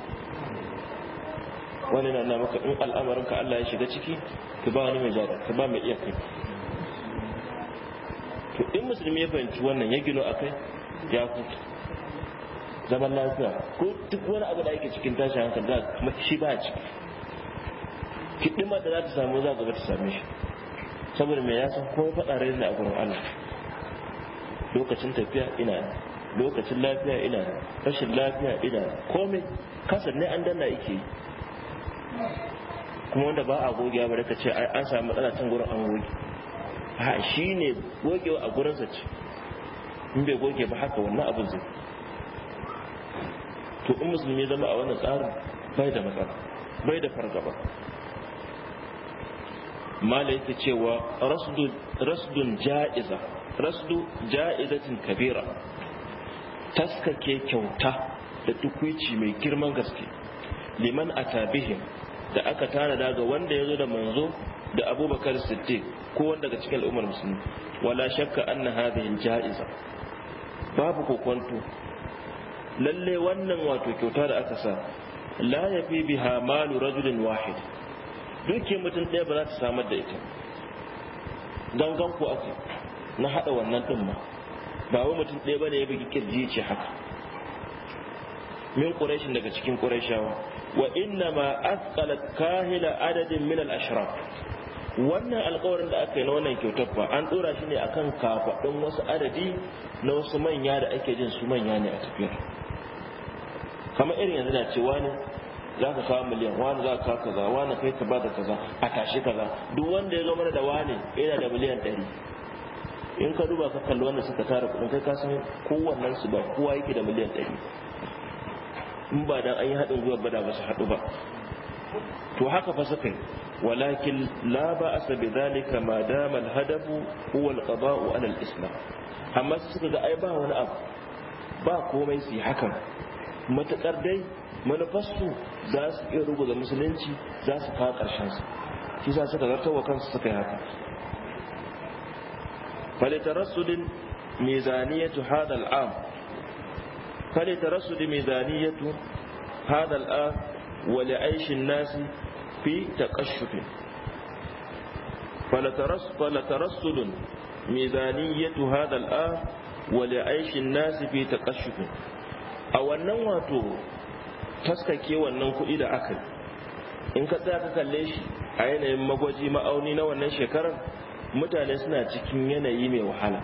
wani na maka in al'amarin ka Allah ya shiga ciki ka ba wani mai jada ka ba mai iya kai to in musulmi ya fahimci wannan ya gino akai ya kuta zaman lafiya ko duk wani abu da yake cikin tashi hankali za a shi ba ciki kiɗimar da za ta samu za gaba ta same shi saboda mai yasa ko faɗa rai ne a gurin Allah lokacin tafiya ina lokacin lafiya ina rashin lafiya ina komai kasar ne an danna yake kuma wanda ba a gogewa ba da ce an samu matsala can gurin an goge ha shi ne gogewa a gurinsa ce in bai goge ba haka wannan abin zai to in musulmi zama a wannan tsarin bai da matsala bai da fargaba mala yake cewa rasdun ja'iza rasdu ja'izatin kabira taskake kyauta da tukwici mai girman gaske liman a tabihin da aka tanada ga wanda ya zo da manzo da abubakar siddiq ko wanda daga cikin al'ummar musulmi wala shakka anna hadhihi ja'iza babu kokonto lalle wannan wato kyauta da aka sa la yafi biha malu rajulin wahid duke mutum ɗaya ba za ta samar da ita gangan ku aka na haɗa wannan ɗin ma ba wai mutum ɗaya bane ya bugi kirji ce haka min quraishin daga cikin quraishawa wa inna ma asqala kahila adadin min al-ashraf wannan alƙawarin da aka yi na wannan kyautar fa an dora shi ne akan kafaɗin wasu adadi na wasu manya da ake jin su manya ne a tafiyar kamar irin yanzu na cewa ne za ka kawo miliyan wani za ka kawo kaza wani kai ka bada kaza a tashi kaza duk wanda ya zo mana da wani yana da miliyan ɗari in ka duba ka kalli wanda suka tara kuɗin kai ka san kowannen su ba kowa yake da miliyan ɗari in ba dan an yi haɗin gwiwa ba da ba su haɗu ba to haka fa suka yi walakin la ba asa bi zalika ma dama al-hadafu huwa al-qada'u ala al-islam amma su suka ga ai ba wani abu ba komai su yi hakan matuƙar dai manufarsu za su iya ruguza musulunci za su kawo ƙarshensu shi sa suka zartar wa kansu suka yi haka falitarassudin mizaniyatu hada al'am falitarassudin mizaniyatu hada al'am wale aishin nasi fi taƙashufin falitarassudin mizaniyatu hadha a wa li'aishi an-nas fi taqashshuf a wannan wato taskake wannan kuɗi da aka in ka tsaya ka kalle shi a yanayin magwaji ma'auni na wannan shekarar mutane suna cikin yanayi mai wahala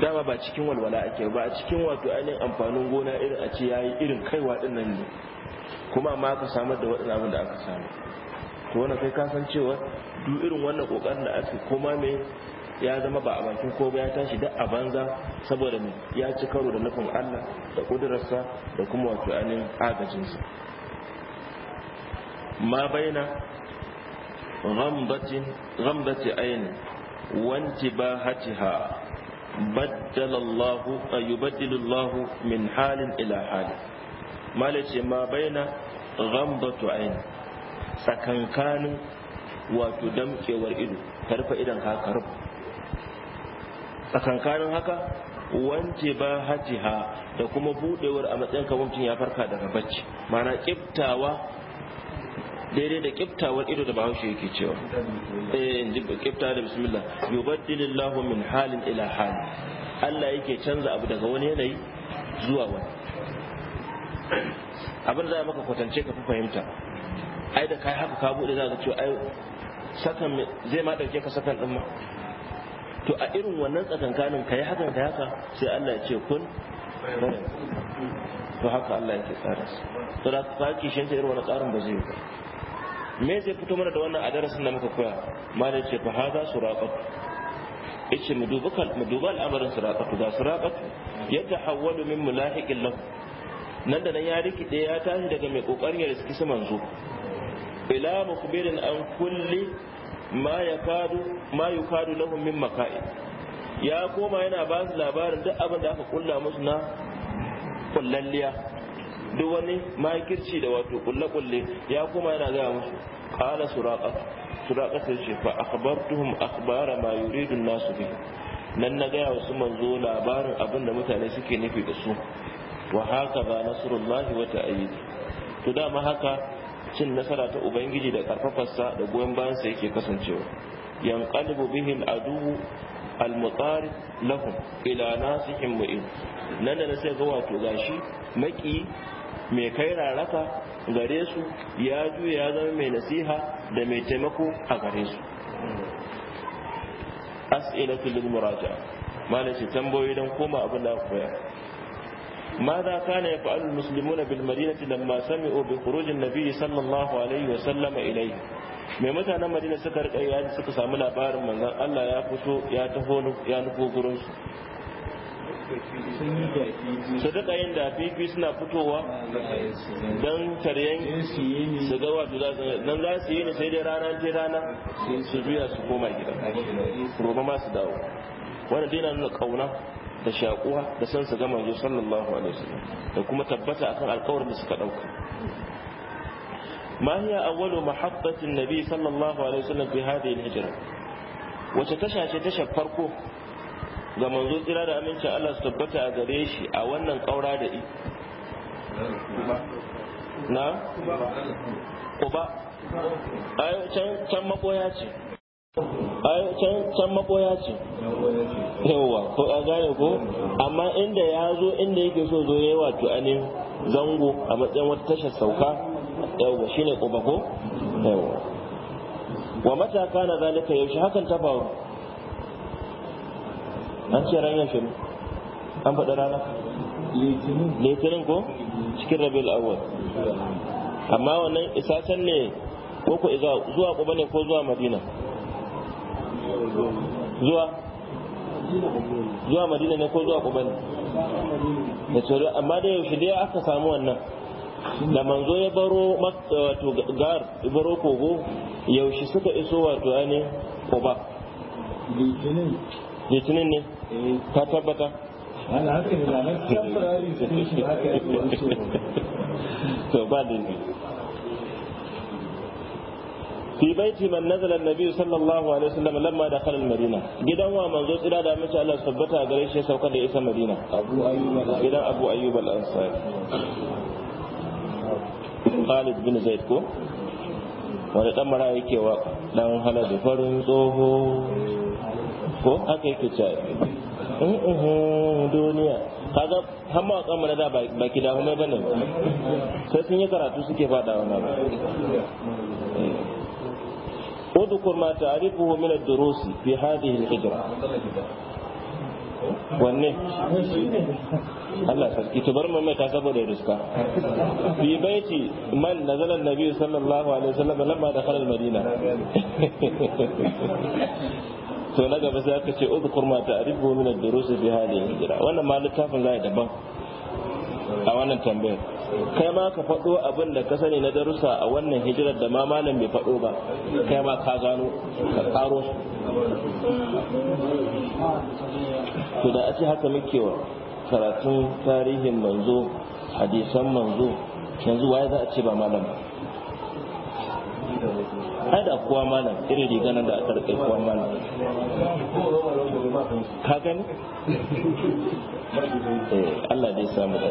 dama ba cikin walwala ake ba a cikin wato ainihin amfanin gona irin a ce ya yi irin kaiwa din nan ne kuma ma aka samar da waɗannan abin da aka samu to wani kai kasancewa cewa duk irin wannan ƙoƙarin da aka koma mai ya zama ba a bakin ko ba ya tashi duk a banza saboda mu ya ci karo da nufin Allah da kudurarsa da kuma wato anin agajinsa ma baina ghamdatin ghamdati ayn wanti bahatiha baddala Allah ayubaddilu Allah min halin ila hali malace ma baina ghamdatu ayn tsakankanin wato damkewar ido karfa idan ka karfa tsakankanin haka wance ba ha da kuma budewar a matsayin kamar mutum ya farka daga bacci mana kiftawa daidai da kiftawar ido da bahaushe yake cewa eh in ji kifta da bismillah yubaddilillahu min halin ila hali Allah yake canza abu daga wani yanayi zuwa wani abin da maka kwatance ka fi fahimta ai da kai haka ka bude za ka ai sakan zai ma dauke ka sakan din ma to a irin wannan tsakankanin kai hakan kai haka sai Allah ya ce kun to haka Allah ya yake tsara su to da ka kishin ta irin wani tsarin ba zai yi ba me zai fito mana da wannan a darasin da muka koya malai ce fa hada suraqat yace mu duba mu duba al'amarin suraqatu da suraqatu yatahawwalu min mulahiqin lahu nan da nan ya rikide ya tashi daga mai kokarin ya riski su manzo ila mukbirin an kulli ma kadu ma yukadu min maka'i ya koma yana ba su labarin duk abin da aka kulla musu na kullalliya duk wani makirci da wato kulle-kulle ya koma yana gaya musu qala suraqa suraqa sai ce fa akhbartuhum akhbara ma yuridu an-nasu bi nan na gaya wasu manzo labarin abin da mutane suke nufi da su wa haka ba nasrullahi wa ta'ayyid to dama haka cin nasara ta ubangiji da karfafarsa da goyon bayansa yake kasancewa yan bihi al-adu al lahum ila nasihim mu'in nan da sai ga wato gashi maki mai kai raraka gare su ya juya ya zama mai nasiha da mai taimako a gare su as'ilatul muraja malaci tambayoyi dan koma abin da koya ماذا كان يفعل المسلمون بالمدينة لما سمعوا بخروج النبي صلى الله عليه وسلم إليه mai mutanen madina suka rika ji suka samu labarin manzon Allah ya fito ya taho ya nufo gurin su su rika yin da bibi suna fitowa don taryen su ga wato za su don za su yi ne sai dai rana ce rana su juya su koma gida roba ma su dawo wannan dai na nuna kauna da shakuwa da san su ga manzo sallallahu alaihi wasallam da kuma tabbata akan alƙawarin da suka dauka ma hiya awwalu mahabbatin nabi sallallahu alaihi wasallam fi hadhihi al-hijra wace tasha ce tasha farko ga manzo tsira da amincin Allah su tabbata a gare shi a wannan ƙaura da i na kuba ai can makoya ce ai can can maboya ce yawa ko a gane ko amma inda ya zo inda yake so zo yayi wato anin zango a matsayin wata tashar sauka yawa shi ne ko yawa wa mataka na zalika yaushe hakan ta faru an ce ranar shi an faɗi rana litinin ko cikin rabiul awwal amma wannan can ne ko ko zuwa kuba ne ko zuwa madina zuwa zuwa madina ne ko zuwa kuba ne da tsoro amma da yaushe dai aka samu wannan da manzo ya baro wato gar baro kogo yaushe suka iso wato ne kuba litinin ne eh. ka tabbata ana haka ne da nan haka ya to ba da ne fi baiti man nazala annabi sallallahu alaihi wasallam lamma dakhala al-madina gidan wa manzo tsira da mace Allah sabbata gare shi sauka da isa madina abu ayyub gidan abu ayyub al-ansari Khalid bin Zaid ko wanda dan mara yake wa dan halal farin tsoho ko haka yake cewa mm, mm-hmm, duniya kaga har ma kamar da ba ki da mai bane sai sun yi karatu suke fada wannan اذكر ما تعرفه من الدروس في هذه الهجرة wanne Allah sarki ki bar mai ta saboda riska fi baiti man nazala annabi sallallahu alaihi wasallam lamma da al-madina to na gaba sai aka ce udhkur ma ta'rifu min ad-durus bi hadhihi al-hijra wannan ma littafin zai daban a wannan tambayar kai ma ka faɗo abin da ka sani na darussa a wannan hijirar da ma malam bai faɗo ba kai ma ka gano ka karo su to da ake haka muke wa karatun tarihin manzo hadisan manzo yanzu waye za a ce ba malam ai da kuwa malam irin riga da a karɓe kuwa malam ka gani eh, Allah dai samu da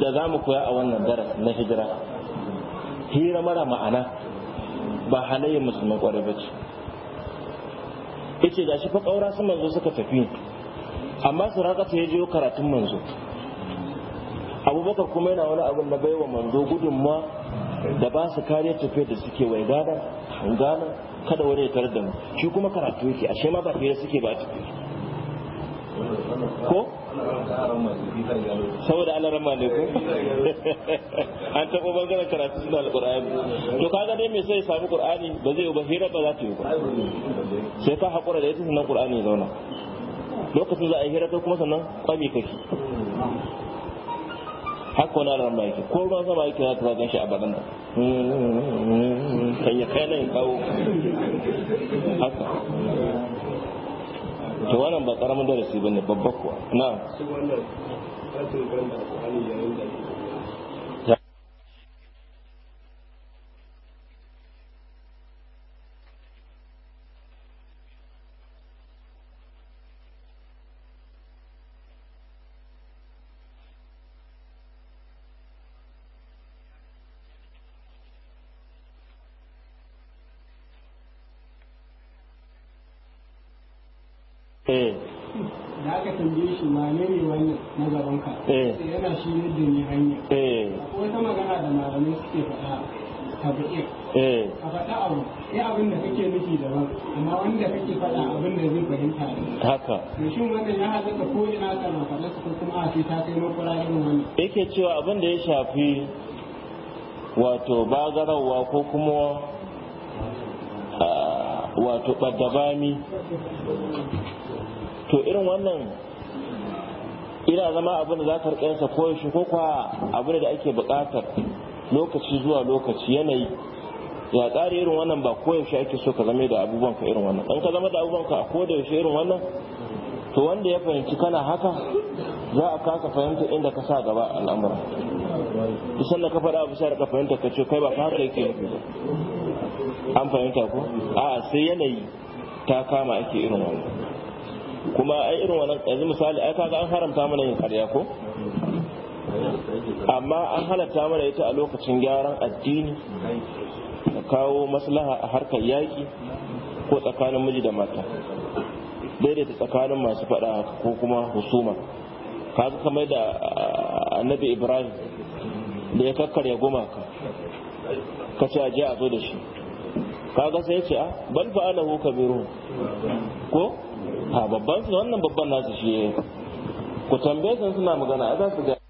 da za mu koya a wannan daras na hijira hira mara ma'ana ba halayyar musulman kwarai ba ce yace gashi fa kaura sun manzo suka tafi amma raka ta jiyo karatun manzo abubakar kuma yana wani abin da baiwa manzo gudunmuwa da ba su kariyar tafiya da suke wai gada hangana kada wani ya tarar da mu shi kuma karatu yake ashe ma ba hira suke ba tafi? ko saboda alarama ne ko an taɓa bangaren karatu suna alƙur'ani to kaga dai mai sai sami ƙur'ani ba zai ba hira ba za ta yi ba sai ka haƙura da ita nan ƙur'ani zauna lokacin za a yi hira ta kuma sannan ƙwami kake haka wani alarama yake ko ruwan sama yake za ta zagan shi a baranda hmm, hmm, hmm, kan ya kai nan kawo haka to wannan ba karamin darasi bane babba kuwa na eh da aka tambaye shi wane ne wannan na gaban eh. yana shi yadda ni hanya eh wata magana da malamai suke faɗa ka bi'ir eh. ka faɗa abu sai abin da kake nufi daban amma wanda kake faɗa abin da zai fahimta ne haka to shin wannan ya halatta ko ina kana faɗa su kuma a ta kai makwara irin wannan yake cewa abin da ya shafi wato bagarawa ko kuma ah, wato ɓadda bami. to irin wannan ina zama abin da za ka rika yansa koyaushe ko kwa abin da ake buƙatar lokaci zuwa lokaci yanayi ya tsari irin wannan ba shi ake so ka zame da abubuwan ka irin wannan dan ka zama da abubuwan ka a koyaushe irin wannan to wanda ya fahimci kana haka za a kasa fahimta inda ka sa gaba al'amura isan da ka faɗa abu sai ka fahimta ka ce kai ba haka yake an fahimta ko a sai yanayi ta kama ake irin wannan kuma ai irin wannan yanzu misali ai kaga an haramta mana yin ƙarya ko amma an halatta mana ita a lokacin gyaran addini da kawo maslaha a harkar yaki ko tsakanin miji da mata daidaita tsakanin masu faɗa ko kuma husuma kaga kamar da ah, annabi ibrahim da ya kakkarya gumaka kace a je a zo da shi kaga sai ce a ah, bal fa kabiru ko ha babban su wannan babban nasu shi ku tambaye suna magana a za su ga